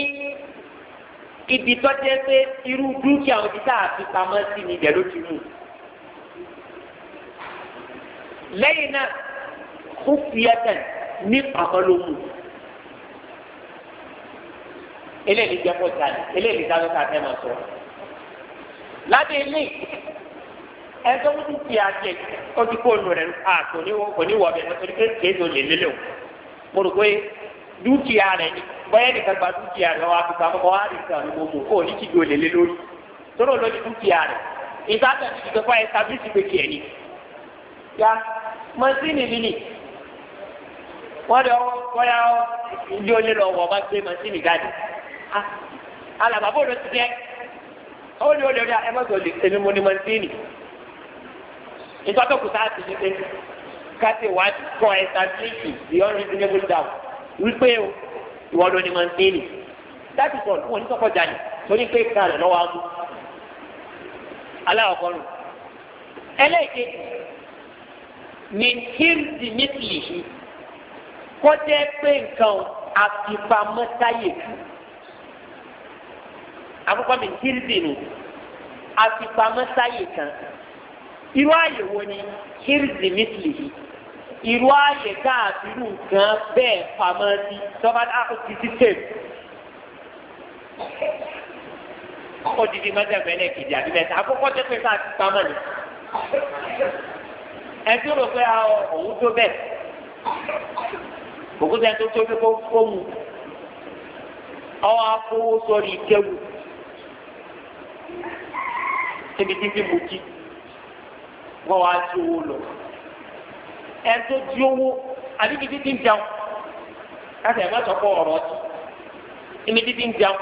ibi tó jẹ́ pé irú dúkìá òbí tá fi pamọ́ sí ni ìdẹ̀ ló ti mú lẹ́yìn náà kó fiyatan ní pàmòlómù eléyìí jẹ́ kó ta ni eléyìí dáná ta fẹ́ máa sọ. lábẹ́ ilé ẹjọ́ tó ti fi àjẹ ó ti kó nu rẹ̀ a kò ní wọ kò ní wọ bẹ̀ nítorí pé kìí tó lè lélẹ̀ o mo rò pé dúkìá rẹ̀ ni bóyá nìkan gba dúkìá rẹ̀ wá fi pamọ́ wá rí sàn ní gbogbo kó o ní kíkì olè lé lórí tóró lórí dúkìá rẹ̀ ìsáàtàn ìjọba ẹ̀ sábìsì pé kìí ẹ̀ ni. ya mọ́sínì mi ni wọ́n lọ wọ́yà ìdí olè lọ wọ̀ bá gbé màsínì jáde ah, alàbàbò ló ti jẹ́ ó ní olè rí ẹmọ́tò lè tẹ̀lé mo ní màsínì ìtọ́jú kùtà àti ṣe pé káṣí wájú kọ ẹ̀ta bíríkì the unreasonable doubt wípé o ìwọ ló ní màsínì láti sọ fún onítọ́kọ̀ jáde torí pé ká rẹ̀ lọ́wọ́ àgùn aláwọ̀kọ́rù ẹlẹ́ẹ̀kejì ní kírìtì mítìlì yìí kọ́jẹ́ pé nǹkan àfipamọ́ sáyè fún àkọ́kọ́ mi hírídì nù àfipamọ́ sáyè kan irú àyè wo ni hírídì mítìlì yìí irú àyè káàbírù nǹkan bẹ́ẹ̀ pamọ́ sí tọ́ba dákú ti ti tẹ̀. ó di di mẹ́tẹ̀ẹ̀fẹ́ náà kìdí àbí mẹ́ta àkọ́kọ́ tẹ́ pé sáà ti pamọ́ ni ẹ̀dúró pé àwọn ah, òun bẹ́ẹ̀ òkúta tó tóbi kó fóònù ọwọ́ akówó sọ̀rọ̀ ìkẹwù níbi títí mo jí wọ́n wá tí owó lọ ẹ tó owó àbíbi títí ń jẹun káṣẹ̀ má sọ ọ̀rọ̀ ọtí níbi títí ń jẹun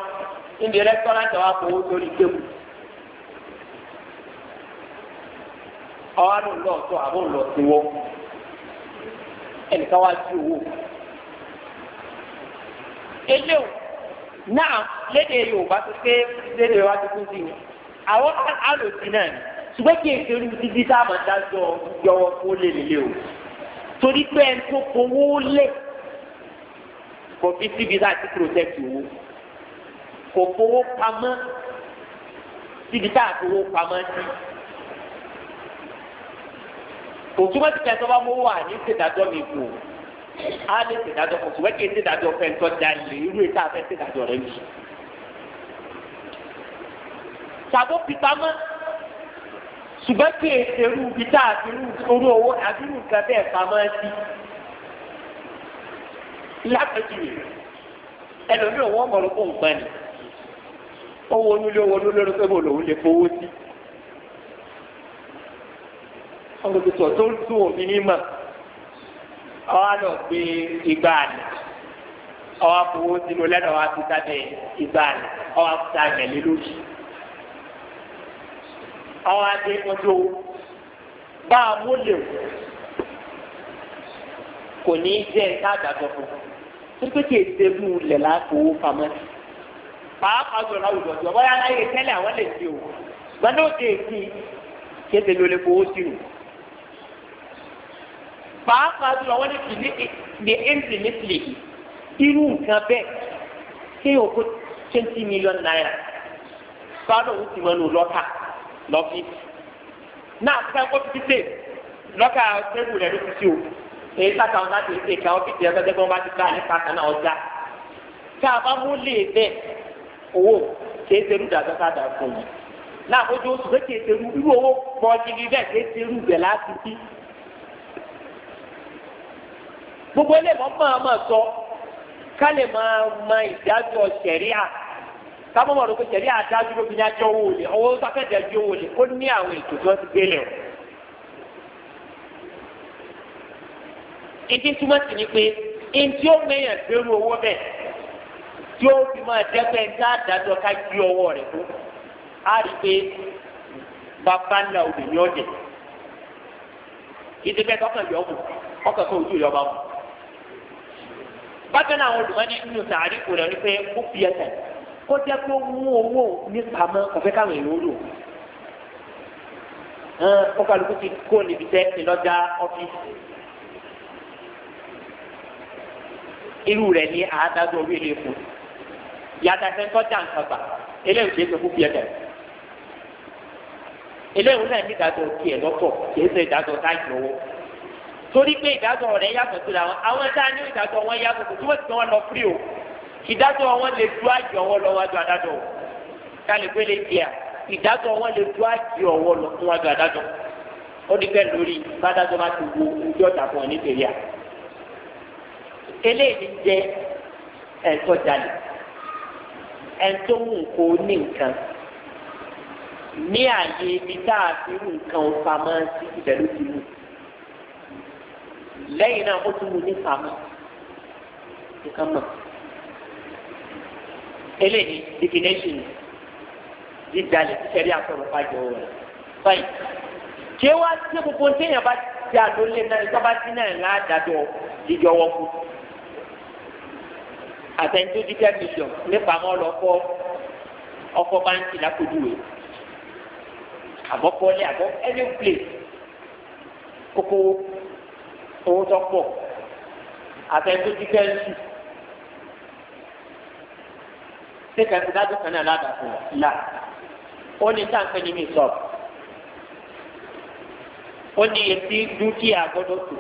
níbi rẹ́sítọ́rántì ọwọ́ akówó sọ̀rọ̀ ìkẹwù. ọwọ́ àlọ́ lọ́ọ̀tọ́ àbọ̀ lọ́ọ̀tì wọ́ ẹnìkan wá tí owó eléwò náà léde Yorùbá tó pé léde Yorùbá tó kún sí ni àwọn àlòsí náà ni ṣùgbọ́n kí èké irú títí tá a máa dájọ́ yọwọ́ kó lè lè o torí pé ẹni tó fowó lé kò fi síbi láti protect owó kò fowó pamọ́ síbi tá a fowó pamọ́ sí kò túmọ̀ sí kẹ́ńtọ́ bá mú wà ní ìṣèdájọ́ mi kù o a lè ṣèdájọ́ kò sí wẹ́kì ṣèdájọ́ fẹ́ tọ́ da ilé irú ètò afẹ́ ṣèdájọ́ rẹ̀ nìyí. Ṣàbó pìpamọ́ ṣùgbọ́n kí èsè irú ibi tá a fi irú owó àbí irú nǹkan bẹ́ẹ̀ pamọ́ sí. Lápẹ̀jùwé ẹlòmíràn wọ́n mọ̀ ló kó nǹkan ni. Ó wọnú lé wọnú lórí pé mo lòun fowó sí. Ọ̀rọ̀ tuntun tó ń tún ní mọ̀ ọwọ́ lọ gbé igbá àná ọwọ́ afọwọ́ sínú lẹ́nu ọwọ́ afi sábẹ́ igbá àná ọwọ́ afi sábẹ́ lé lórí ọwọ́ adé mọ́tò bá a mú lè wò kò ní í jẹ́ ká àgbàgbọ́ fún un pípé kì í ṣe mú un lẹ̀ lákòó pamọ́ sí pàápàá jọ̀ọ́ láwùjọ jọ̀ọ́ bọ́yá láyé tẹ́lẹ̀ àwọn lè fi o gbọ́dọ̀ kéèké kéèké ló lè fowó sí o pàápàá jùlọ wọ́n ní kì ní the entry nísìlẹ̀ irú nǹkan bẹ́ẹ̀ kéèyàn kó twenty million naira fáwọn òun ti mọ nù lọ́tà lọ́fíìsì náà fẹ́ kó fi tẹ̀ lọ́tà tẹ́gù rẹ̀ ló fi sí o èyí sáta ọ̀nà àti èyí kan ọ́fíìsì ẹgbẹ́ tẹ́gbọ́n bá ti gbà nípa kan náà ọjà tá a bá mú lè bẹ́ẹ̀ owó kìí ṣerú dàgbà ká dà fún mi náà ojú oṣù pé kìí ṣerú irú owó pọ̀ jìnnì bẹ́ẹ̀ kìí ṣerú bẹ̀ láti bí. gbogbo ẹlẹ́mọ̀ máa máa sọ ká lè máa ma ìdájọ́ sẹ̀ríà káwọn ọmọ rògbò sẹ̀ríà dájú ló fi ní ajọ́ owó lè owó sáfẹ́dẹ̀ ajọ́ owó lè ó ní àwọn ètò tí ti gbé lẹ̀ o. ìdí túmọ̀ sí ni pé ẹni ó mẹ́yàn gbèrú owó bẹ́ẹ̀ tí ó fi máa dẹ́pẹ́ ní àdájọ́ ká jí ọwọ́ rẹ̀ á rí pé bàbá ìdí bẹ́ẹ̀ ọ́ ọkàn bákan náà àwọn olùmọ́ni nínú sàárì kò rẹ̀ wípé ó fi ẹsẹ̀ kó jẹ́ pé mú owó nípa mọ́ kọ̀fẹ́ káwọn èrò lò ó kálukú ti kó níbi tẹ́ ìlọ́jà ọ́fíìsì irú rẹ̀ ní àádájọ́ orí ilé fún yàtọ̀ ẹ̀sẹ̀ńtọ́jà nǹkan gbà eléyìí kìí ṣe kó fi ẹsẹ̀ eléyìí náà ní ìdájọ́ tiẹ̀ lọ́tọ̀ kìí ṣe ìdájọ́ táyì lọ́wọ́ torí pé ìdájọ́ rẹ̀ yàtọ̀ síra wọn àwọn ẹ̀dá ní ìdájọ́ wọn yàtọ̀ kò túbọ̀ tí wọ́n lọ firi o ìdájọ́ wọn lè du àjì ọwọ́ lọ wájú adájọ́ o kálípé lè di à ìdájọ́ wọn lè du àjì ọwọ́ lọ fún wájú adájọ́ ó ní bẹ́ẹ̀ lórí bádájọ́ bá ti wo ojú ọ̀tà fún ọ ní tèmi à eléyìí jẹ ẹ̀tọ́ jalè ẹ̀tọ́ mú nǹkan ní nǹkan ní àyè ibi tá a fi rú nǹkan pamọ́ sí ìbẹ̀lú ti mú lẹ́yìn náà ó tún mu ní pamọ́ nǹkan mọ̀ eléyìí divination dídalẹ̀ sísẹ́rí àtọ̀rọ̀ fàjọ rẹ̀ báyìí kí wá sí gbogbo téèyàn bá ti àdólé náà ìjọba bá ti náà ńlá àdájọ ìjọwọ́ kù àtẹnudó dídá mílíọ̀n nípa àwọn ọlọ́kọ́ ọkọ̀ báńkì lápòjúwe àbọ̀kọ́lé àbọ̀ ẹni plé kókó owó tó pọ̀ àtẹ̀tò jíjẹ́ ńsù ṣé kẹ́kẹ́ dájú kan náà ládàá là ó ní sáǹpẹ́ ní mi sọ ó ní etí dúkìá gbọ́dọ̀ tó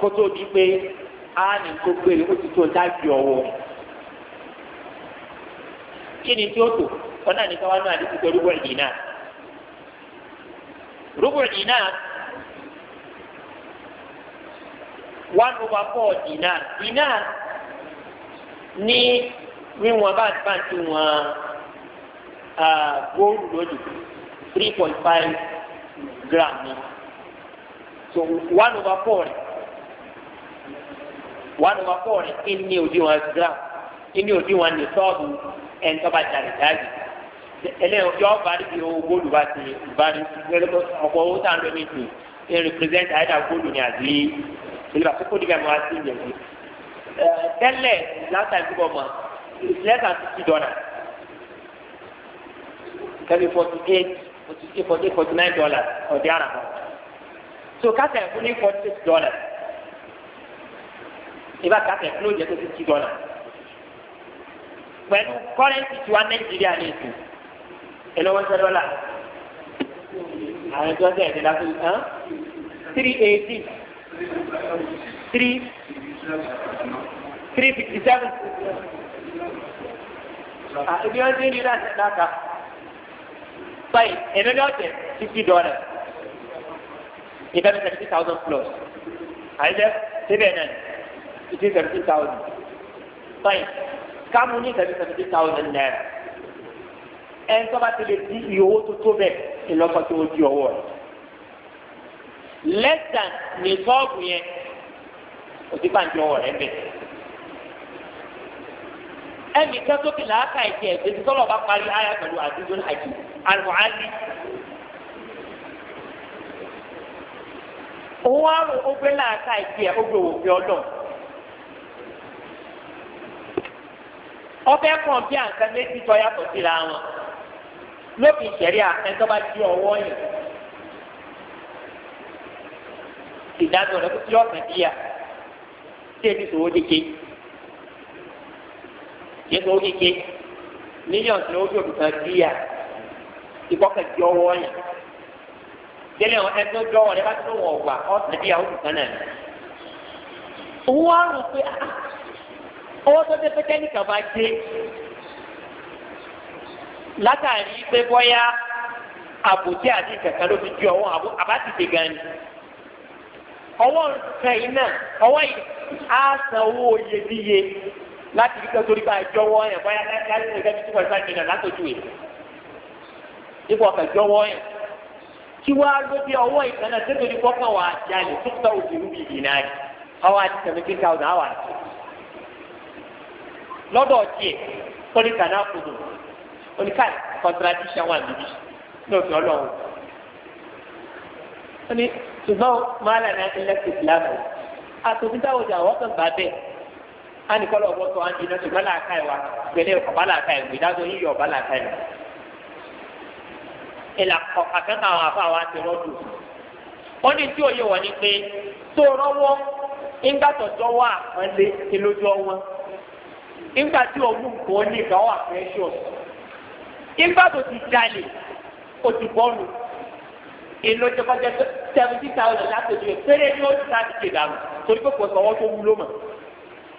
kó tó di pé á ní tó gbére ó ti tó dájú ọwọ́ kí ni tí ó tó ọ̀nà nìkan wá náà ní ti tó rúbọ̀ ìdì náà rúbọ̀ ìdì náà. one over four dinar dinar ní wíwọ̀n bá ti bá ti wọ̀n góòlù lónìí three point five gram ni so one over four rẹ̀ one over four rẹ̀ kí ni òdiwọ̀n gram kí ni òdiwọ̀n ní sọ́ọ̀bù ẹ̀ ń tọ́ bá jàre jáde ẹlẹ́yìn ọjọ́ bari bi owó góòlù bá ti bari ọ̀pọ̀ owó tá à ń lọ ní represent àyẹ̀dá góòlù ní àbí ìgbà tó kó dìgbà máa ti yẹn bi tẹ́lẹ̀ láta ìdúgbò mọ́ lẹ́tà fifty dollar kẹ́bi forty eight forty eight forty eight forty nine dollar ọ̀dí àràmọ́ so káta ẹ̀kún ní forty six dollars. ìbá káta ẹ̀kún ló jẹ́ tó fifty dollar pẹ̀lú kọ́rẹ́ǹtì tí wà nàìjíríà ní ètò ẹlọ́wọ́sẹ̀ dọ́là àwọn ẹ̀jọ́ sẹ̀ ẹ̀dẹ̀ three eighty. 3 357 ah ibi wọ́n ti ń rí láti ẹ̀dáka báyìí ẹ̀mí ní ọ̀tẹ̀ fifty dollars ìbẹ́ mi seventy thousand plus àyẹ̀dẹ́ síbẹ̀ náà ìdí seventy thousand báyìí káàmù ní ìtẹ̀bí seventy thousand naira ẹ̀ ń tọ́ bá ti lè di ìyówó tó tó bẹ́ẹ̀ ìlọ́kọ̀ tó di ọwọ́ rẹ̀. less than ní sọ́ọ̀bù yẹn o ti bá ń bẹ̀. ẹnì kan sókè làákà ìjẹ́ ètò sọ́lọ̀ bá parí ayé pẹ̀lú àdúgbò àjù àlùmọ́álì. òun á rò ó gbé làákà ìjẹ́ ó gbé òfin ọlọ́run. ọbẹ̀ kan bí àǹkan méjì tọ́ yàtọ̀ síra wọn ìṣẹ̀rí bá ìdájọ́ rẹ̀ kó tí ọ̀sán díà tí èdè sòwò dìke yẹ sòwò dìke mílíọ̀nù tí ó di òdùkà díà ìkọ́kẹ́ di ọwọ́ yẹn tẹ́lẹ̀ wọn ẹni tó jọ́wọ́ rẹ bá tó wọ̀ ọ̀gbà ọ̀sán díà òdùkà náà òun wá rò pé owó ah, ah, tó dé pété nìkan bá dé látàrí pé bọ́yá àbòtí àti ìkẹ̀kẹ́ ló fi di ọwọ́ àbá ti dè gan ni ọwọ́ nǹkan yìí náà ọwọ́ yìí á san owó iyebíye láti dúpẹ́ torí bá jọwọ́ yẹn báyà láti ẹgbẹ́ bí two point five million látọ̀jú yẹn ipò ọ̀kà jọwọ́ yẹn kí wàá ló bí ọwọ́ ìkànnà sẹ́tò ní kọ́kàn wà á jalè tó ta òṣèlú bíi ìdìnnà rẹ̀ ọwọ́ àti seventeen thousand hours lọ́dọ̀ tiẹ̀ tọ́lí kàná kùdù oníkà contradiction wà níbí ní òfin ọlọ́run ṣùgbọ́n máa lànà ẹlẹ́kì ìlànà àtòkí táwọn ọjà àwọn kan bá bẹ́ẹ̀ á ní kọ́lọ̀ ọ̀bọ̀ tó á ń jiná ṣùgbọ́n làákà ìwà pẹ̀lẹ́ ọ̀bá làákà ìwé dájọ́ yíyọ ọ̀bá làákà ìwé. ìlà àkẹ́kọ̀ọ́ àwọn afọ àwọn àti rọ́dù. wọ́n ní tí òye wọ̀ ni pé tó rọ́wọ́ ńgbà tọ̀jọ́ wà wọ́n lé ìlójú ọwọ́ ńgbà tí òun kò ní ìgbà wà precious ńgbà tó ti jalè ó ti bọ́ọ̀lù èlò jẹ́kọ́jẹ́ seventy thousand látòjú ẹ̀ péré ní oṣù láti ṣe dànù torí pé kò sọ̀wọ́ tó wúlò mọ̀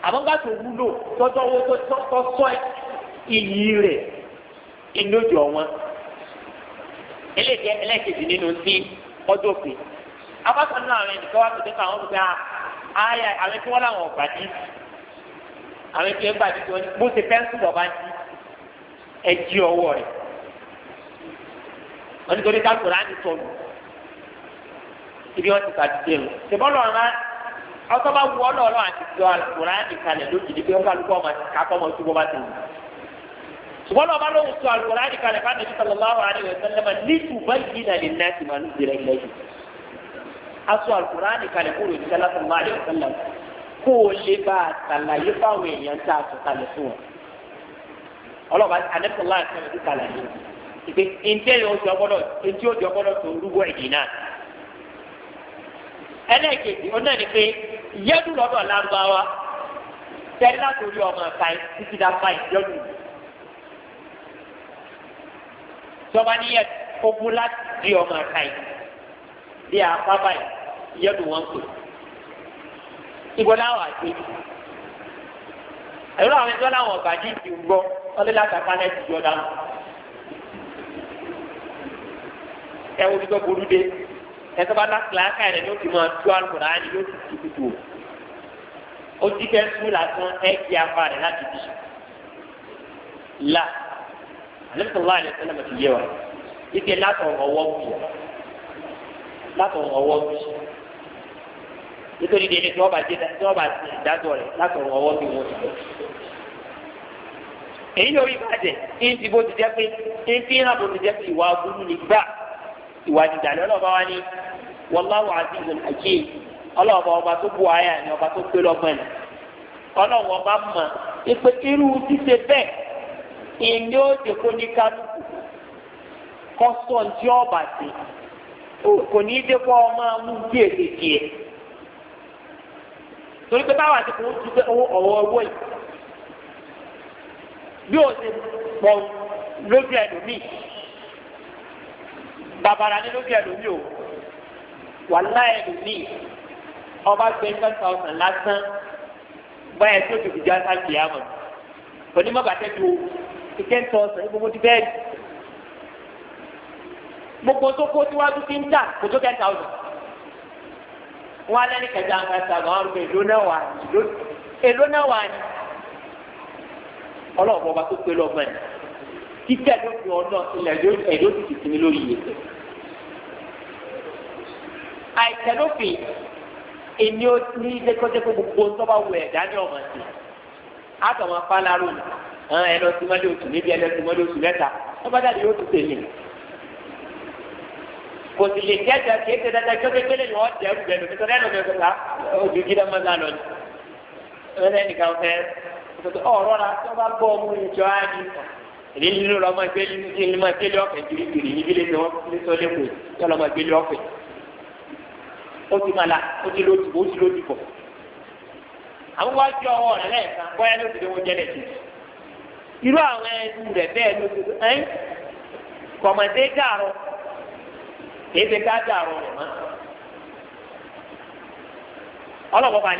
àmọ́ bá tó wúlò tọ́jọ́ owó tó sọ iyì rẹ̀ inú jọ wọn eléyìí ẹlẹ́kejì nínú sí ọjọ́ òfin abákan náà àwọn ẹnìkan wá tó dé káwọn gbé ààyè àwọn tí wọ́n láwọn ọ̀gbà dí àwọn tí wọ́n gbà dí tí wọ́n bó ṣe fẹ́ǹsì bọ̀bá dí ẹ jí ọwọ́ rẹ̀ wọ́n nítorí ká Kùránì sọ̀rọ̀ ibi wọn ti sàdídé o ṣùgbọ́n lọ́ọ̀rọ̀ ọtọ́ bá wù ọ́ lọ́ọ̀rọ̀ àti ìjọ Al-Kùránì kalẹ̀ lójijì pé ọkàlùkọ́ ọmọ kakọ́ ọmọ tó bá ti wù. ṣùgbọ́n lọ́ọ̀rọ̀ bá lóhùn sọ Al-Kùránì kalẹ̀ fáwọn ẹbí sallallahu alaihi wa sallam nítorí yìí nà lè ná sí màálù zèrè ilẹ̀ yìí. a sọ Al-Kùránì kalẹ̀ kó lòdì sálá sallallahu alaihi wa sallam kó o lè bá a sàlàyé fáwọn èèyàn tá a sọ kalẹ̀ fún wọn. ọlọ́ọ̀bá anẹ́sọ̀lá àti ẹlẹ́ẹ̀kejì ọ̀nà ni pé yẹ́dù lọ́dọ̀ lárúbáwá tẹ́lẹ̀ láti orí ọmọ kan títí dá fáì yẹ́dù. sọba ní yẹ ogun láti di ọmọ kan bí apá báyìí yẹ́dù wọn kù. ìbọ̀lá wà gbé. ẹ̀rọ àwọn ẹjọ́ làwọn ọ̀bàjì ti ń gbọ́ ọdún láti àpáná ti jọ dáhùn. ẹ wo bí tó burú dé ẹsẹ bá láti láàkà yẹn ni ó ti máa tú alùpùpù ni yóò ti ti tutù ó ti kẹ́ tú lásán ẹ kí afa rẹ̀ láti di la alẹ́sọ̀ wà lẹ́sẹ̀ lọ́mọ ti yé wa ike látọ̀ ọwọ́ bù yà látọ̀ ọwọ́ bù yà nítorí dèní tí wọ́n bá dé tí wọ́n bá dájọ́ rẹ̀ látọ̀ ọwọ́ bù wọn èyí lórí ìbàjẹ́ ní ti ti jẹ́ pé ní ti ti jẹ́ pé ìwà abúlú ni gbà ìwà jíjalè ọlọ́ọ̀bá wa ní wallahu azizun hakim ọlọ́ọ̀bá ọba tó bu àyà ni ọba tó pé lọ́gbọ̀n ni ọlọ́wọ́ ọba mọ̀ ipe irú ṣíṣe bẹ́ẹ̀ ìní ó dé kó ní kálukú kọ́sọ̀ ní ọba sí kò ní í dé kó ọmọ mú bí èdè torí pé báwa ti kò ó ti owó ọ̀wọ́ owó yìí bí ó ṣe pọ̀ lójú ẹlòmíì bàbàrà ni lójú ẹlòmí o wàhálà ẹlòmí ọba gbé ten thousand lásán báyà tó ti fi jáde sáà kìá mọ̀ onímọ̀ bàtẹ́ tó ti ten thousand gbogbo ti bẹ́ẹ̀ gbogbo tó kó síwájú ti ń tà kó tó ten thousand wọn alẹ́ ní kẹjá ń kẹta àwọn arúgbó èlò náà wà ní èlò náà wà ní ọlọ́ọ̀bọ̀ ọba tó pé lọ́gbọ̀n yìí kíkẹ́ ló fi ọ̀dọ́ ilẹ̀ ẹ̀dọ́ ti ti sinmi lórí iye tẹ̀. àìtẹ́lófin èmi ó ní dẹ́kọ́dẹ́kọ́ gbogbo ń tọ́ba wọ ẹ̀dá ní ọ̀mọ̀ sí i. àtọ̀mọ̀ apálárò hàn ẹ̀ lọ sí mọ́lẹ́ oṣù níbi ẹ̀ lọ sí mọ́lẹ́ oṣù mẹ́ta wọ́n bá dàbí yóò tún tèmi. kò sì lè kẹ́jà kí ẹ̀ṣẹ̀ dáadáa kí ó ké pélé ni wọ́n jẹ́ ẹ̀rù bẹ̀rù nítorí ẹ̀rù bẹ̀rù ká ojú gídá máa lánà ni. ẹnìkan fẹ́ ọ̀rọ̀ la tí èdè nínú lọ máa gbé nínú máa gbélé ọ̀fẹ́ kirikiri níbi lè wọ́n lè sọ lẹ́kọ̀ọ́ yọ lọ máa gbélé ọ̀fẹ́ ó ti máa la ó ti ló ó ti ló dìbò àwọn wá ọwọ́ lẹ́ẹ̀kan ló ti jẹ́lẹ̀ sí irú àwọn bẹ́ẹ̀ ló ti ẹ́ kọ̀mọ̀dé ká rẹ̀ mọ́ ní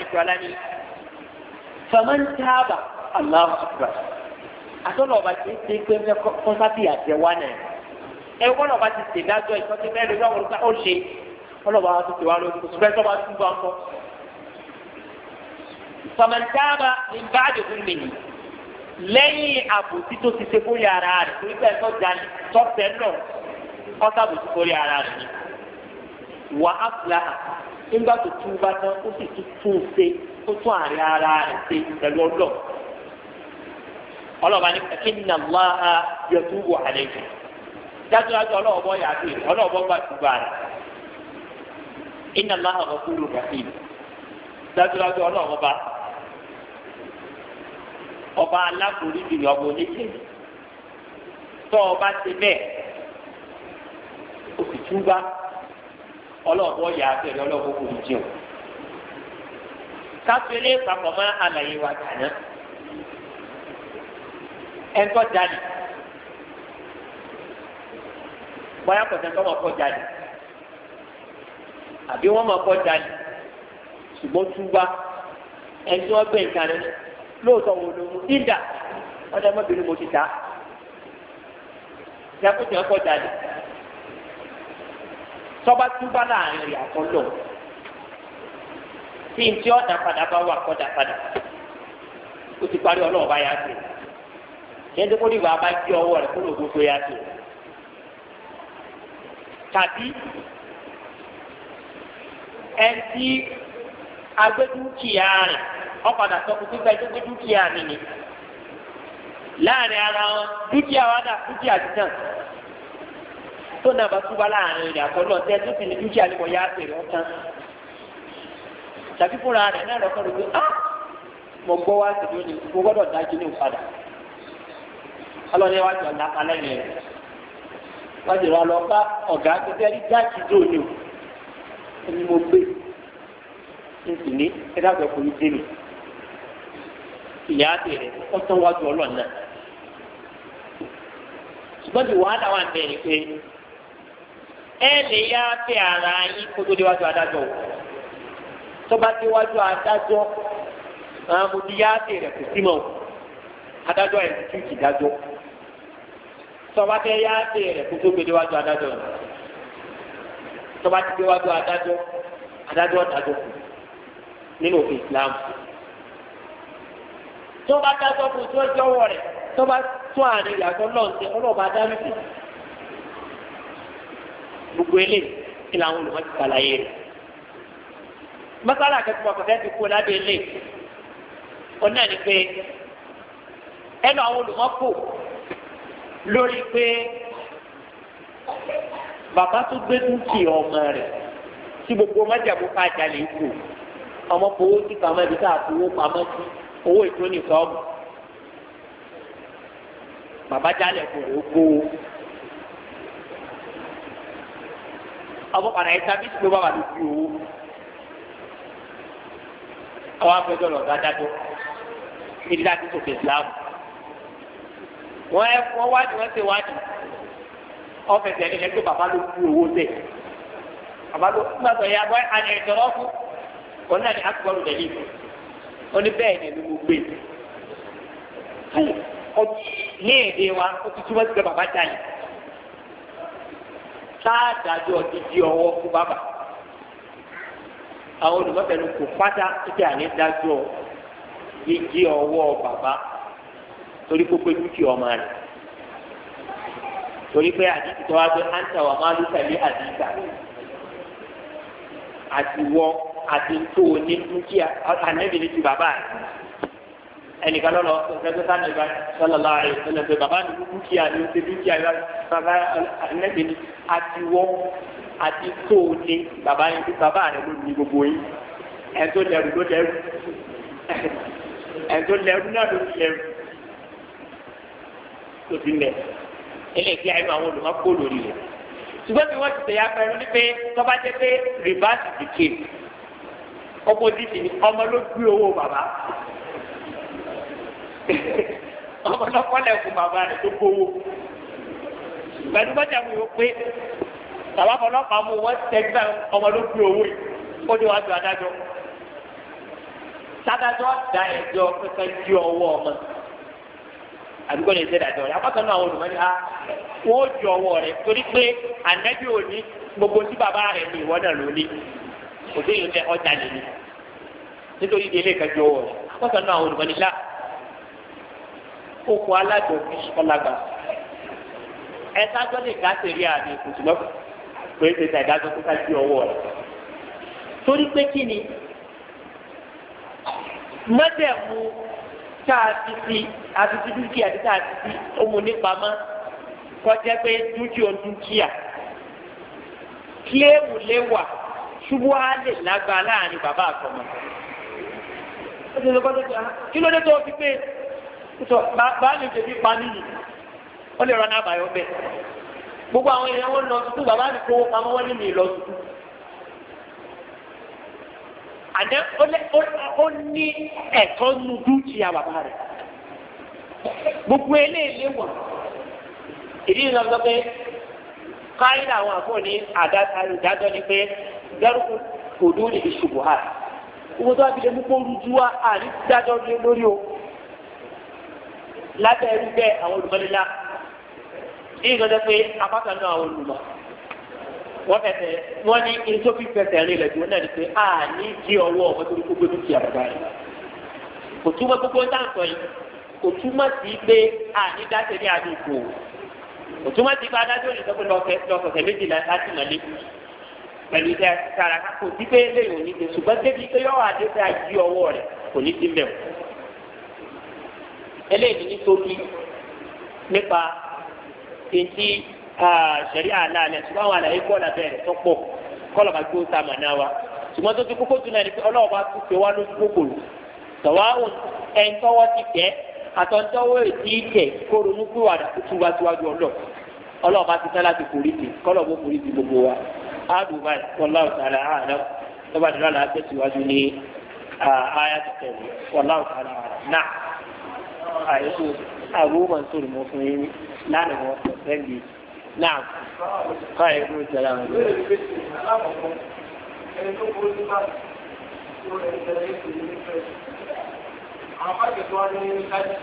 kí ní aláwọ̀ àtọ́nà ọba ti ṣe pé kọ́ńtàtì àtẹ̀wá náà ẹ wọ́n ọba ti ṣe dájọ́ ìtọ́jú mẹ́rin lọ́wọ́ nípa ó ṣe wọ́n ọba ti ṣe wá lórí kò sùpẹ́ tó bá tún bá ń kọ́. fàmẹ́ntàbà ní báàdì fún mi lẹ́yìn àbòsí tó ti ṣe fórí ara rẹ̀ torí pé ẹ̀tọ́ jalè tọ́sẹ̀ náà ọ̀sà àbòsí fórí ara rẹ̀ ni. wà á fìlà nígbà tó tún bá tán ó sì tún tún ṣe ó tún àárín ara rẹ̀ ṣe pẹ̀lú ọlọ́ọ̀ ọlọ́ọ̀bá ní inna Allaha yatubu alaykum dájúdájú ọlọ́ọ̀bọ yàtú ọlọ́ọ̀bọ gbà túbà rẹ̀ inna Allaha ghafurur rahim dájúdájú ọlọ́ọ̀bọ ọba alákòóríbi ọba oníṣẹ́ tọ́ ọba ti bẹ́ẹ̀ òsì túbá ọlọ́ọ̀bọ yàtú ẹ̀rọ ọlọ́ọ̀bọ kò ní jẹun káfíńlẹ̀ pàpọ̀ mọ́ àlàyé wa kàn ẹ̀ńtọ́ jáde bóyá kò sẹ́ńtọ́ wọn kọ́ jáde àbí wọ́n máa kọ́ jáde ṣùgbọ́n túbá ẹ̀ńtọ́ wọn gbé nǹkan rẹ lóòótọ́ wo ló mú dídà wọ́n mo ti ta ìyàkùtì ẹ̀kọ́ jáde tọ́ba túbá láàrin rẹ̀ àkọ́lọ́ tí n tí ọ̀dà padà bá wà padà ó ti parí ọlọ́ọ̀bá yá sí i. yẹn tó kórìí wàá bá jí ọwọ́ rẹ̀ kó ló gbogbo ya tó tàbí ẹtí agbẹdúkìá rẹ̀ ọ̀padà sọ fún gbígbà tó gbẹdúkìá mi ni láàrin ara wọn dúkìá wa dà dúkìá ti tàn tó náà bá túbá láàrin ìrìn àkọlọ tẹ tó sì ní dúkìá ni mo yá àpèrè ọ̀tán tàbí fúnra rẹ̀ náà lọ́kọ́ rẹ̀ pé ah mo gbọ́ wá sí lónìí mo gbọ́dọ̀ dájú ní ìpadà ọlọ́ni wa jọ lápá lẹ́yìn rẹ̀ wọ́n ti wá lọ bá ọ̀gá gbẹgbẹ́ rí jáàkì dòní o ẹni mo gbé n sì ní ẹ̀dàgbẹ́ kò ní dénì ìyá àti rẹ̀ ọ̀tọ̀ wájú ọlọ́run náà ṣùgbọ́n ti wàhálà wà bẹ̀rẹ̀ pé ẹ lè yá fẹ́ ara yín kó tó déwájú adájọ́ o tó bá déwájú adájọ́ àwọn amòdíyá àti rẹ̀ kò sí mọ́ o adájọ́ ẹ̀ ti tú ìdájọ́ o tọba tẹ yá dé rẹ kótó gbèdé wájú adájọ́ rẹ tọba ti gbé wájú adájọ́ adájọ́ dájọ́ kù nínú òfin Islam tọba dájọ́ kù tó jọ̀wọ́ rẹ tọba tún àárín ìyàtọ̀ lọọsẹ ọlọba dárí kù gbogbo eléyìí kí làwọn olùmọ̀ ti kàlàyé rẹ mọ́sálà akẹ́kọ̀ọ́ kọ̀ọ̀kẹ́ ti kú ládé ilé ọ̀nà ni pé ẹnu àwọn olùmọ̀ kù lórí pé bàbá tó gbé dúkìá ọmọ rẹ̀ tí gbogbo májàmú ká jalè kù ọmọ fowó sí pamọ́ ibi tá a fowó pamọ́ sí owó ètò nìkan ọ̀mù bàbá jalè kù rẹ̀ ó gbówó ọmọ padà yìí sábì tí ló bá wà lójú owó àwọn afẹjọ lọ dájá tó kí ni dájú Islam. wọ́n ẹ wọ́n wádìí wọ́n ṣe wádìí ọ́fẹ̀sì ẹni lẹ́gbẹ̀ẹ́ bàbá ló kú owó bàbá ló kú ya bọ́ àná ìtọ́rọ́ fún òun náà ni akọ̀rọ̀ dẹ̀lí ó ní bẹ́ẹ̀ ni ló gbé ní èdè wa ó ti túmọ̀ sí pé bàbá jáde sáàdájọ́ ti di ọwọ́ fún bàbá àwọn olùmọ̀fẹ́ ló pátá títí àní dájọ́ ọwọ́ bàbá torí kó pé dúkìá ọmọ rẹ̀ torí pé àdìsí tó wá pé áńtà wà máa ló tẹ̀lé àdìsá àti wọ àti tó o ní dúkìá ànẹ́bí ni ti bàbá rẹ̀ ẹnìkan lọ́nà ọ̀sẹ̀ sáni ìgbà sọlọ́lá rẹ̀ sọlọ́ pé bàbá mi dúkìá ni ó ṣe dúkìá rẹ̀ bàbá ànẹ́bí ni àti wọ àti tó o ní bàbá rẹ̀ ló ní gbogbo yìí ẹ̀ tó lẹ́rù ló lẹ́rù ẹ̀ tó lẹ́rù náà ló lẹ́rù tó ti mẹ ilé ìfẹ́ àyè àwọn olùmọ̀kó lórí rẹ̀ ṣùgbọ́n bí wọ́n ti tẹ̀yà pẹ̀lú ní pé tọ́ba jẹ́ pé rìbáàsì ti ké ọpọ́sìtì ni ọmọ ló gbé owó bàbá ọmọ náà kọ́lẹ̀ fún bàbá rẹ̀ tó gbowó pẹ̀lú bọ́jà mi ò pé bàbá ọlọ́pàá mú wọ́n tẹ́gbẹ́ ọmọ ló gbé owó yìí ó dé wájú adájọ́ sádájọ́ da ẹjọ́ pẹ́pẹ́ ju ọwọ́ ọmọ àdúgbò lè ṣe dàjọ rẹ apákan náà àwọn olùmọ́ni a ah, wọ́n ju ọwọ́ rẹ torí pé ànábì òní gbogbo tí bàbá rẹ ní ìwọ náà lóní òde yìí ń bẹ ọjà lè ní nítorí ìdí ilé ìkẹjọ ọwọ́ rẹ apákan náà àwọn olùmọ́ni lá okùn aládòbí ọlágbà ẹ sájọ́ lè ká sèré àmì kùtùmọ́ pé ṣe ta ìdájọ́ tó ká sí ọwọ́ rẹ tá a ti fi àti ti dúkìá tí tá a ti fi ohun nípamọ́ kọjá pé dúkìá dúkìá kílẹ̀mù lè wà ṣubú á lè lágbá láàrin bàbá àtọmọ. kí ló dé tó fi pé bàbá mi tèmi pa nìyí wọ́n lè rán náà bàyọ̀ bẹ́ẹ̀ gbogbo àwọn èèyàn wọn lọ sùkúù bàbá mi kówó pamọ́ wọ́n mi lọ sùkúù àná ó ní ẹ̀tọ́ nu dúkìá bàbá rẹ̀ gbogbo eléyìí wọ̀ ìdí ìlànà sọ pé káyìdà àwọn àfọ̀ ní àdájọ́ ni pé dẹ́rùkù kò dúró níbi ṣubú ha owó tó wá mú kó rújú wá àní dájọ́ lórí o lábẹ́ ẹrú bẹ́ẹ̀ àwọn olùmọ̀lélá ní ìgbọ́dọ̀ pé apákan náà àwọn olùmọ̀ wọ́n fẹsẹ̀ wọ́n ní ìsọ́fí fẹsẹ̀ rí lẹ́jọ́ náà ni pé a ní jí ọwọ́ ọmọ tó ní kó gbẹ́dú ti àbúrò rẹ̀ kò túmọ̀ gbogbo dáńtọ̀ yìí kò túmọ̀ sí pé a ní dáṣẹ́ ní àdúgbò kò túmọ̀ sí pé adájọ́ ní sọ́kùn lọ́sọ̀ọ̀sẹ̀ méjì láti mọ̀lẹ́ pẹ̀lú iṣẹ́ sára kò sí pé léyìn òní ṣe ṣùgbọ́n débi pé yọ̀wọ̀ adé fẹ́ jí ọwọ́ rẹ̀ kò ní sí mẹ́wọ̀ eléyìí ní sókí nípa ètí sẹ̀rí àlàálẹ̀ ṣùgbọ́n àwọn àlàyé kọ́ làbẹ́ rẹ̀ tó pọ̀ kọ́lọ̀ bá gbé ó sàmà náà wa ṣùgbọ́n tó ti kókó jù náà ni pé ọlọ́wọ́ bá tún pé wá lójú kòkòrò tọ̀wá ẹni tọ́wọ́ ti tẹ́ àtọ́jọ́wọ́ èdè tẹ̀ kó ronú pé wàdà tó tún wá síwájú ọlọ́ ọlọ́wọ́ bá ti tẹ́ láti forí ti kọ́lọ̀ bó forí ti gbogbo wa áàdùnmáì wọláwù tààlà àná lọ́ba dùn lọ́la tẹ̀síwájú ní àyà tẹ̀tẹ̀ wọláwù tààlà àná náà àyẹ̀kú àbúrò mọ̀ nítorí mọ̀ fún yín lánàá wọn sẹ́yìn Naam. Káyọ̀ ìlú ìjọba. Ẹni tó kúrò ní báyìí, ó rẹ̀ ń tẹ̀lé ìpínlẹ̀ nífẹ̀ẹ́. Àwọn báyìí tó ní láti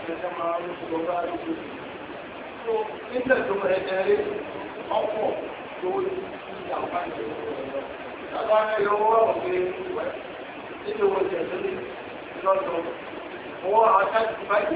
Tó nígbà tó rẹ̀ tẹ̀lé ọkọ̀ tó ti ṣe àǹfààní lọ. Bàbá mi lọ wọ́n wọ̀ pé níbi owó ìjẹ̀ tó ní lọ́dọ̀. Owó àwọn aṣáájú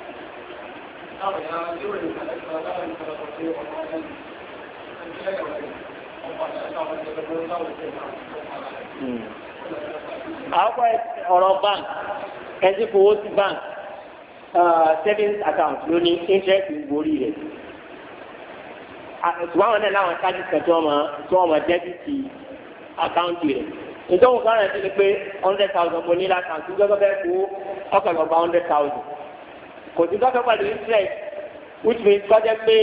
àwọn hmm. ọ̀rọ̀ bank ẹtí fowó sí bank ah, savings account ló ní interest ìgbórí rẹ̀ ah, ṣùgbọ́n náà láwọn ṣáàjì kan tí wọ́n máa tí wọ́n máa dẹ́bìtì àkáǹtì rẹ̀ ìjọba kan rẹ̀ ti ní pé hundred thousand mo ní lákàntì gbọ́dọ̀ bẹ́ẹ̀ kó ọkọ̀ lọ́ba hundred thousand kò sí tọ́fẹ́ pàdé interest which means kọjá pé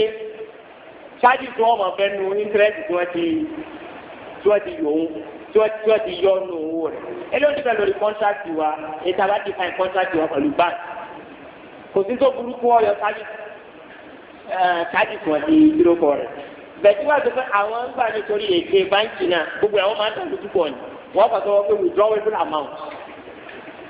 ṣáàjì tí wọ́n mọ̀ fẹ́ nu interest tí wọ́n ti tí wọ́n ti yòó tí wọ́n ti yọ nu owó rẹ̀ eléyìí ti fẹ́ lórí contract wa ètò àbá ti fain contract wa pẹ̀lú bank kò sí tó burúkú ọyọ ṣáàjì eh, ṣáàjì tí wọ́n ti dúró kọ rẹ̀ bẹ̀tí wà tó fẹ́ àwọn ń gbà nítorí èké báńkì náà gbogbo àwọn máa ń tàbí túbọ̀ ni wọ́n fà wọ́n pé withdrawable amount.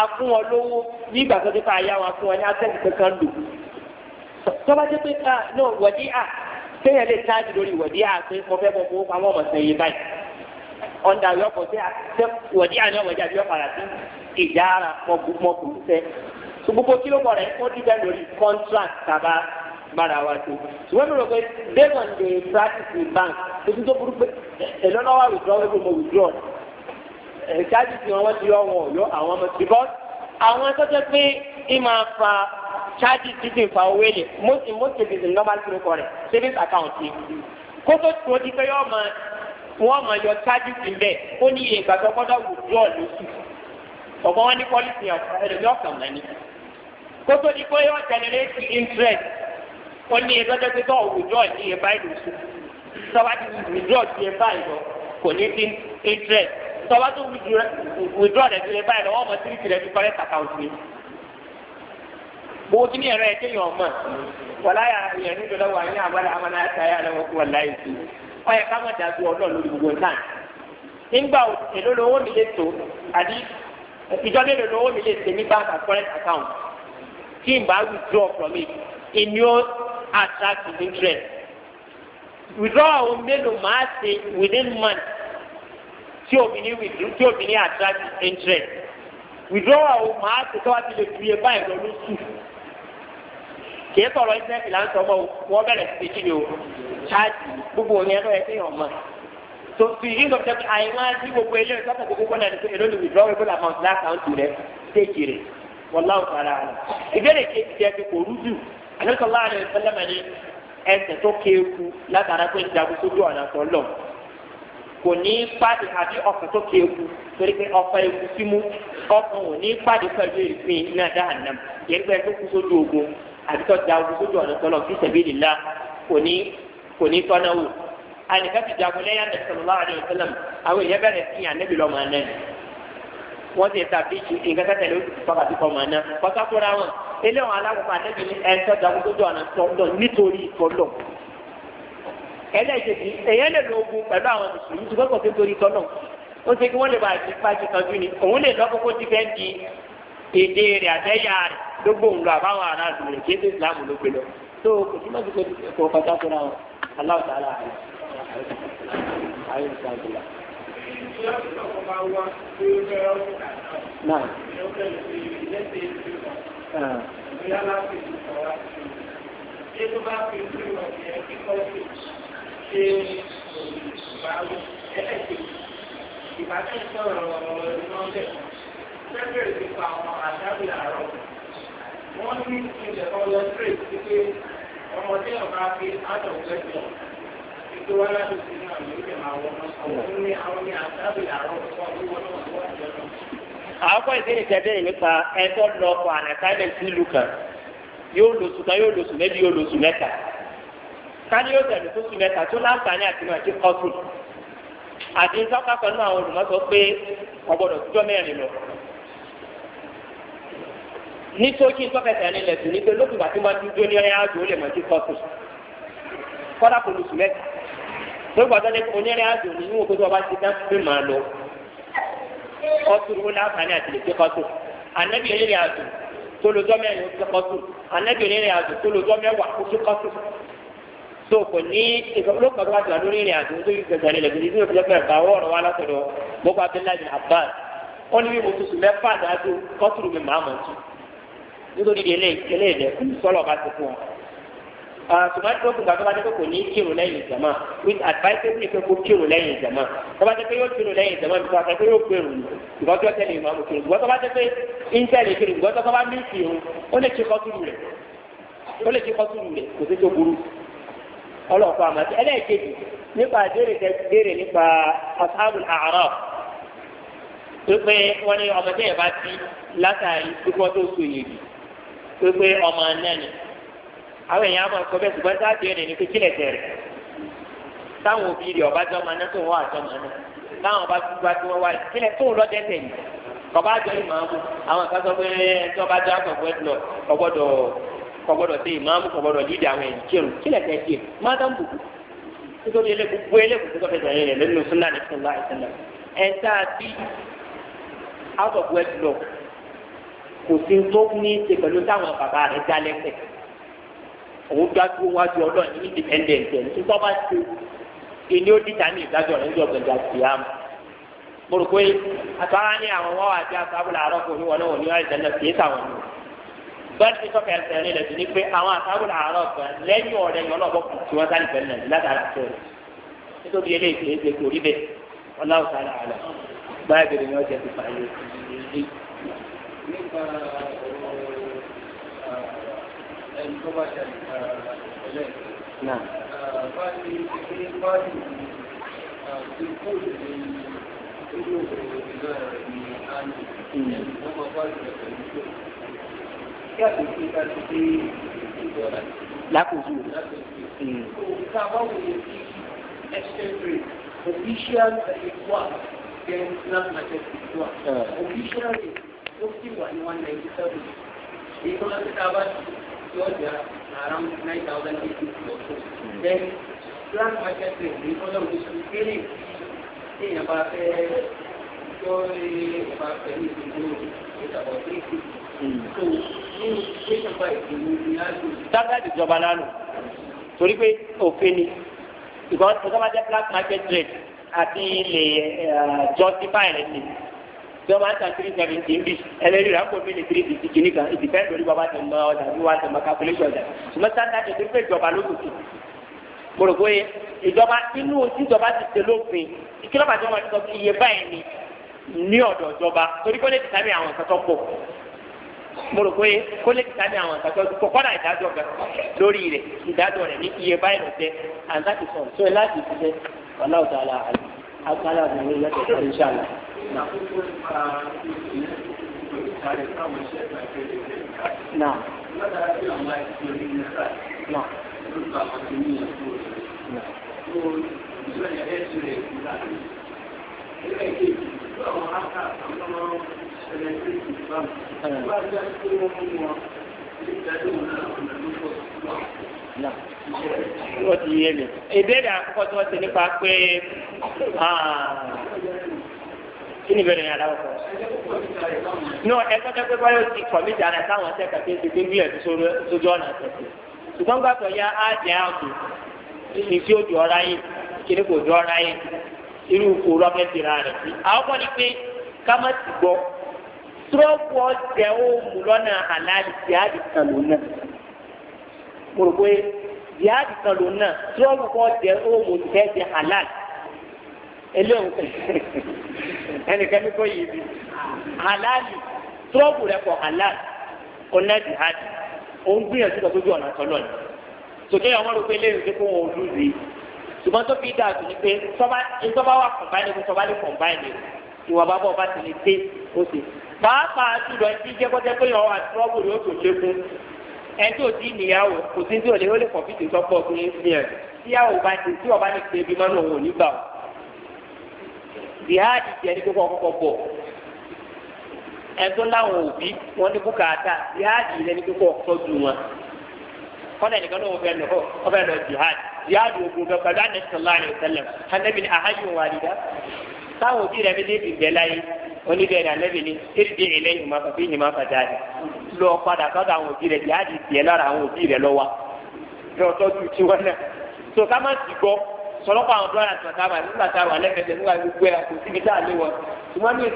a fún ọ lówó ní ìgbà tó ti fa àyà wa fún ọ ní asẹ́ǹtì kankan lò tó bá jẹ́ pé náà wọ̀dí à kéèyàn lè ṣáàjì lórí wọ̀dí à pé mo fẹ́ mọ owó pamọ́ ọmọ sẹ́yìn báyìí ọ̀ndà yọkọ̀ sí wọ̀dí à ní ọmọdé àbí ọ̀pàrà sí ìjà ara mọ̀kùnkùn sẹ́ gbogbo kílókọ̀ rẹ̀ kó dídá lórí contract tàbá gbára wa tó ṣùgbọ́n rò pé based on the practice in bank tuntun tó burú pé èlò náà wà withdraw wípé mo withdraw ẹ̀ẹ́dájú tí wọ́n ti yọ wọn yọ àwọn ọmọ ti bọ́ àwọn tọ́jọ́ pé ẹ máa fa charges títí fa owó èlé most in most cases normal kiri kọ rẹ̀ savings account ni kótó tó di pé yọ ọmọ wọn máa yọ charges ti bẹ́ẹ̀ ó ní iye ìgbàgbọ́ gbọ́dọ̀ withdraw lóṣù ọ̀gbọ́n wọn ní policy ẹ̀rọ ọ̀kan mọ́ interest ó ní ìtọ́jọ́ pé tọ́ withdraw ní iye báyìí lóṣù tọ́wá ti withdraw ti iye báyìí lọ kò interest tọ́ba tó withdraw rẹ̀ sílẹ̀ báyìí lọ́wọ́ ọmọ síríkì rẹ̀ fi correct account mi. gbogbo kí ni ẹ̀rọ ẹ̀ kéèyàn mọ̀ wọ́lá yà yẹn ní dọ́là wà ní àbálẹ̀ amánà àtàyà lọ́wọ́ kó wà láyé sí i. ọ̀yẹ ká má dàgbé ọlọ́ọ̀ lórí gbogbo náà. nígbà èlò lówó mi lè tó àbí ìjọ mélòó lówó mi lè tè ní bank and correct account tí n bá withdraw from it in your attractive interest. withdraw àwọn mélòó máa ṣe within months tí obìnrin withdraw tí obìnrin attract interest withdrawal o máa ṣe tó wá ti lè fi ẹ báyìí lọ lóṣù kìí sọ̀rọ̀ interest là ń sọ ọmọ wọn bẹ̀rẹ̀ sí kí ni o ṣáàjì gbogbo yẹn lọ́yẹ kí yẹn mọ̀ so fi yín lọ sẹ́kù àìmọ́ sí gbogbo ilé ìtọ́ka gbogbo náà ni pé èló ni withdrawal able amount lákàntì rẹ stéèjì rẹ wọn láwùjọ ara rẹ ìbéèrè kejì jẹ pé kò rúdù àlẹ́ sọ láàrin ìfẹ́lẹ́mẹ́ni ẹsẹ̀ tó kéeku látara pé ìjagun sójú ọ̀nà tó kò ní í pàdé àbí ọkàn tó ké eku torí pé ọkàn eku sí mú ọkàn ò ní í pàdé pẹ̀lú ìpín iná dáhànàm yẹn gbẹ́ tó kú sójú ogun àbí tó da ogun sójú ọ̀nà tọ́lọ̀ fi sabilillah kò ní kò ní tọ́nà wò. àníkà ti jagun lẹ́yìn àná sallallahu alaihi wasallam àwọn èèyàn bẹ̀rẹ̀ sí yàn níbi lọ́mọ náà wọ́n ti ta bíi ṣùgbọ́n nǹkan tẹ̀lé oṣù tó pàtàkì kọ́ ọmọ náà kọ́sá fúnra wọn eléwọ̀n alákòókò àtẹ́bí ní ẹ̀ ń tọ́jà gbogbo ọ̀nà tọ́lọ̀ nítorí tọ́lọ̀ ẹlẹ́ẹ̀kejì èèyàn lè lo ogun pẹ̀lú àwọn mùsùlùmí ṣùgbọ́n kò sí torí tọ́nà ó ṣe kí wọ́n lè bá àti pàṣẹ kan jú ni òun lè lọ́kọ́ kó ti fẹ́ di èdè rẹ̀ àtẹ́yà rẹ̀ gbogbo òun lọ àbáwọn ará àdúgbò rẹ̀ kéde ìsìlámù ló pe lọ tó kò sí mọ́tò kò kọjá tó ra wọn aláwọ̀ tá a la ayé ìsìlámù tó la. Náà ṣe ìbáwí ẹlẹ́gbẹ̀ẹ́ ìbáṣẹ́ sọ̀rọ̀ lọ́dẹ̀ sẹ́fẹ̀rẹ̀ ti pa àwọn àṣàbí àárọ̀ wọ́n ní ilẹ̀ ọlọ́tírẹ̀ sí pé ọmọdé ọba fi ádọ̀ gbẹ́jọ ètò wa láti fi náà ló lè máa wọ́n ọ̀hún ní àwọn ní àṣàbí àárọ̀ fún ọdún wọn náà wọ́n jẹ́ lọ. àkọ́kọ́ ìbéèrè tẹ́lẹ̀ nípa ẹ̀tọ́ lọ fún àná sáyẹ̀ntì lùkàn yóò lòsùn kan yóò lòsùn méjì yóò lòsùn mẹ́ta káni yóò tẹ̀lé tó sùn mẹ́ta tó láǹfààní àti máa ti kọ́ sùn àti sọ́kà pẹ̀lú àwọn olùmọ́sọ pé ọ̀gbọ́dọ̀ tó mẹ́rin lọ. ní sókí sọ́kẹ̀tẹ̀ ní ilẹ̀ ní pé lókùn bàtí máa ti dúró ní ẹ̀yà àjò lè máa ti kọ́ kọ́dà kò lù sùn mẹ́ta lókùn bàtí ní àjò ní kótó ọba ti dá pé lọ láǹfààní àti lè àjò tó so kò ní ìfowópamọ́ kan tó bá ti wà lórí ìrìn àjò tó yí gbẹ̀gbẹ̀ rẹ̀ lẹ́gbẹ̀ẹ́ tí yóò fi lẹ́gbẹ̀ẹ́ gbà wọ́ọ̀rọ̀ wa látọ̀dọ̀ gbogbo abdullahi abbas ó ní bí mo tuntun mẹ́fà dájú kọ́tùrù mi màá mọ̀ jù nítorí ilé ìkẹlẹ̀ rẹ̀ kò ní sọ́lọ̀ bá ti fún ọ. tòmátì tó kù gbà tó bá dé pé kò ní kírun lẹ́yìn ìjàmá with advice ní pé kò kírun lẹ́yìn ìjàmá tó bá dé pé yóò kírun lẹ́yìn ìjàmá nípa pé yóò gbèrú ìgbọ́n tó tẹ̀lé ìmọ̀ àmukiri ìgbọ́n tó bá dé pé íńtẹ̀lì kiri ìgbọ́n tó bá mí kiri ó lè kí kọ́tùrù rẹ̀ ó lè kí kọ́tùrù rẹ̀ kò sí tó burú ọlọ́ọ̀kọ́ àmàtí ẹlẹ́ẹ̀kejì nípa béèrè nípa asáàbù àárọ̀ pípé wọn ní ọmọdé yẹn bá ti látàrí pípọ́ tó so yèbì pípé ọmọ nẹ́ni àwọn èèyàn àmọ̀ ẹ̀kọ́ bẹ́ẹ̀ ṣùgbọ́n sáà béèrè ní pé kílẹ̀ tẹ̀rẹ̀ táwọn òbí rẹ̀ ọba jọmọ náà tó wọ́n àjọmọ náà táwọn ọba gbígbá tí wọ́n wá kílẹ̀ tó lọ́dẹ̀ tẹ̀yìn kọba àjọ ìmọ̀ àwọn àwọn kan sọ pé ẹjọ́ bá jọ àgbọ̀gbọ̀ ẹ̀ kò gbọ́dọ̀ sí ìmáàmù kò gbọ́dọ̀ lídìí àwọn èèyàn kírun kílẹ̀ tẹ̀ kí má dán bùkù nítorí ẹlẹ́kùn gbé ẹlẹ́kùn tó kọ́fẹ́ sọ̀rọ̀ yẹn lẹ́nu súnà ní out of wedlock kò sí tó ní ṣe pẹ̀lú táwọn bàbá rẹ̀ dá lẹ́sẹ̀ òun dájú wájú ọlọ́run ní independent ẹ̀ ní tọ́ba ṣe ìní ó dìtà ní ìdájọ́ rẹ̀ ní ọ̀gbẹ̀dà síámù mo rò pé àtàwọn ní àwọn wọn wà bí asábùlà àrọ́kùnrin wọn náà wọ̀ ní àìsàn náà kì í sàwọn nù bẹ́ẹ̀ ti sọ́kẹ́ ẹsẹ̀ ní ilẹ̀ tó ní pé àwọn àtàwọn àárọ̀ kan lẹ́yìn ọ̀rẹ́ yẹn ọlọ́bọ̀ kù tí wọ́n sáré pẹ̀lú nàìjíríà tààrà tó rẹ̀ nítorí eléyìí kìí ṣe torí bẹ́ẹ̀ ọlọ́wọ́ sáré àlọ́ báyìí bèrè yẹn ọjọ́ ti fà yé ilé. nípa ẹni tó bá ṣe ẹlẹ́ náà báyìí ṣe báyìí ti kó ìdè ìlú ìlú ìlú ìlú ìlú ìlú ìlú lákòókò official rate wà then black market rate wà official rate ó sì wà ní one ninety seven èyí tó láti sábà tí ọjà around nine thousand eight fifty or so then black market rate èyí tó lọ́wọ́ oṣù kéré tí èèyàn bá fẹ́ yọ ẹ̀ bá fẹ́ ní ìdílé ìtàbọ̀ three fifty sábà ìjọba lánàá torí pé òfin ni ìgbà ọjọ́ máa jẹ́ black market trade àti ilé eh, justify rẹ̀ ni tí wọ́n máa ń san three seventy ń bì ẹlẹ́rìí rẹ̀ kò mílí three fifty kìíní kan ìdìpẹ́ndì orí bàbá tẹ̀ mọ́ ọjà bí wàá tẹ̀ mọ́ calculation ọjà ṣùgbọ́n sábà ìjọba pé ìjọba ló tòkì mo rò pé ìjọba inú ojú ìjọba ti ṣe lófin ìkílọ̀bà tí wọ́n máa ń sọ iye báyìí ni ní ọ̀dọ̀ ìjọba torí kó lè tẹ̀sán mo rò pé kó lè kíkà ní àwọn àtàkọ́ kò kọ́dà ìdájọ́ gan lórí rẹ̀ ìdájọ́ rẹ̀ ní iye báyìí lọ jẹ́ and that is all so ẹ láti fi jẹ́ ọ̀la ọ̀dà àlà àlè àkàlà àbúrò lẹ́tọ̀ sọ́rí ṣàlà. Now. Now. Now. Wọ́n ti yé mi. Ìbéèrè àkọ́kọ́ tí wọ́n ti nípa pé ah, kí ni ìbéèrè yẹn aláwọ̀ kọ́? Nú ẹgbẹ́ tó pé báyọ̀ ti kọ̀ mí dára táwọn ṣe kàtí ti gbé mílẹ̀ tó sójú ọ̀nà àtẹ̀sí. Ṣùgbọ́n gbàtọ̀ ya á jẹ́ àgbò ní tí ó jọ ọ́ra yìí, kí ni kò jọ ọ́ra yìí, irú kò rọ́bẹ̀tì ra rẹ̀ sí. Àwọn kọ́ pé ká má ti gbọ́ tírọ́pù ọ̀jẹ̀ ó mú lọ́nà àlàyé jihadi kan ló náà mo rò pé jihadi kan ló náà tírọ́pù ọ̀jẹ̀ ó mú tẹ́jẹ̀ àlàyé eléwọ̀n ẹnìkan ní kò yìí bi àlàyé tírọ́pù rẹ̀ kọ̀ àlàyé ọ̀nà jihadi òun gbìyànjú lọ sójú ọ̀nà tọ́lọ̀ ni sòkè ọmọ rò pé eléyìí ti kó wọn ojú rí ṣùgbọ́n tó fi dáa tó ní pé tọ́ba wà kọ̀ǹbáyé kó tọ́ba lè kọ̀ǹbáyé ìwọ̀n bá bọ̀ bá ti lè pàápàá jùlọ ẹni tí jẹ́ pé ọ̀ àti rọ́bù yóò tó ṣe fún ẹni níyàwó kò sí ó lè sọ́pọ̀ fún yẹn bá ti tí ọba ní pé ebi máa ń òun ò ní gbà ó. jihadi jẹ́ ní kókó kọ́kọ́ bọ̀ ẹ̀tọ́ láwọn òbí wọn ní bùkátà jihadi rẹ̀ ní kókó tọ́jú wọn. kọ́lẹ̀ nìkan náà wọ́n fẹ́ lọ wọ́n lọ táwọn òbí rẹ méjèèjì bẹ láyé oníbẹ̀ ní alẹ́ bìíní eridi ìlẹ́yìn ìmọ̀ àfàfẹ́ ìyìnbá fàdá rẹ lọ padà sọ́dọ̀ àwọn òbí rẹ yáàdì tiẹ̀ lára àwọn òbí lọ́wọ́ lọ tí wọ́n náà tó ká má gbọ́ àwọn tó a nígbà gbogbo ẹ̀ kò síbi tá a lé wọn ní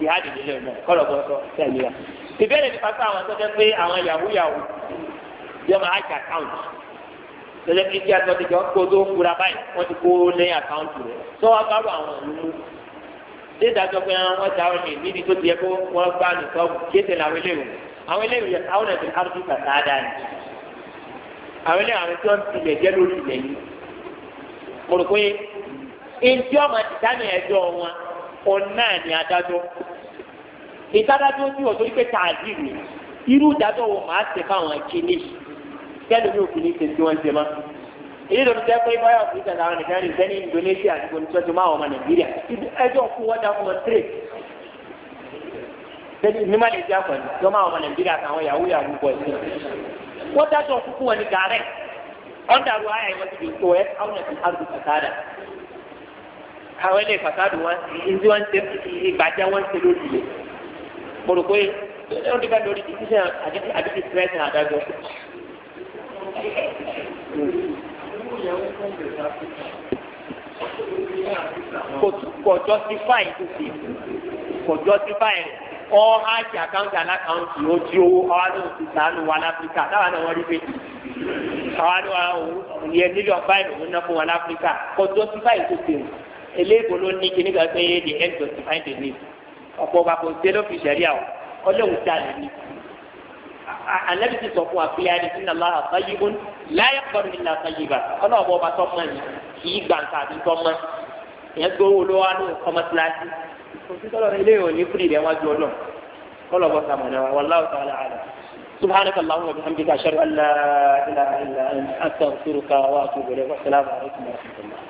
jihadi nílẹ̀ náà kọ́lọ̀ bọ́tọ̀ sẹ́yìn rà. ìbéèrè nípa pé àwọn tó jẹ́ pé àwọn yahoo yahoo yọ máa hajj account tó jẹ́ pé kí àtọ́jú jọ kó tó fura báyìí wọ́n ti kó lé account rẹ̀ tó wá bá wà àwọn ìlú ṣé ìdájọ́ pé wọ́n ti àwọn ènìyàn níbi tó ti yẹ kó wọ́n gbá nìkan kéde làwọn eléyìí àwọn eléyìí yẹ káwọn ẹ̀sìn arúgbó kàtà dáa ni àwọn eléyìí àwọn tí wọ́n ti lè jẹ́ lórí ilẹ̀ yìí mo rò pé ntí ọmọ ti dá wọn. òun náà ni adájọ́ ìdádájọ́ tí o torí pé tààdì irú ìdájọ́ wo màá ṣe fáwọn kíní kẹ́lẹ́ mi ò fi ní wọ́n ṣe mọ́ èyí ló ń jẹ́ pé báyọ̀ fún ìtàn àwọn nìkan sẹ́ni Indonesia àti gbòmìtọ́jú máa ọmọ Nàìjíríà ẹjọ́ kú wọ́n dá fún wọn tírè sẹ́ni ní Malaysia pẹ̀lú tó máa ọmọ Nàìjíríà àtàwọn yahoo yahoo bọ̀ wọ́n dájọ́ wọn ní àwọn ilé fasadu wọn ìdí wọn ṣe ìbàjẹ́ wọn ṣe lórí ilé mo rò pé ó dé bá lórí decision àti discretion adájọ́. kò justify tó ṣe kò justify all hajj account and account yóò di owó ọwọ́ ló ti sàánù wa láfíríkà táwọn náà wọ́n rí bẹ́ẹ̀ àwọn àwọn òun yẹ mílíọ̀nù báyìí òun náà fún wa láfíríkà kò justify tó ṣe. eléèbó ló ní kíní kan pé the end was to find the need ọ̀pọ̀ ọba kò sí ló fi ṣẹ̀rí àwọn ọlọ́run dá lè ní. Ànábi ti sọ fún wa pé ayé sínú àlọ́ àfáyé ó láyé pọ̀ nínú àfáyé bá ọlọ́ọ̀bọ ọba tó mọ̀ yìí kì í gbà nǹkan àbí tó mọ̀ ìyẹn gbé owó lọ́wọ́ ní ọmọ síláàsì kò sí tọ́lọ́ ilé ìwọ̀n ní fúri rẹ̀ wá ju ọlọ́ kọlọ́bọ sàmùnà wa wàláwù sàmùnà àlà سبحانك اللهم وبحمدك أشهد أن لا إله إلا أنت أستغفرك وأتوب إليك والسلام عليكم ورحمة الله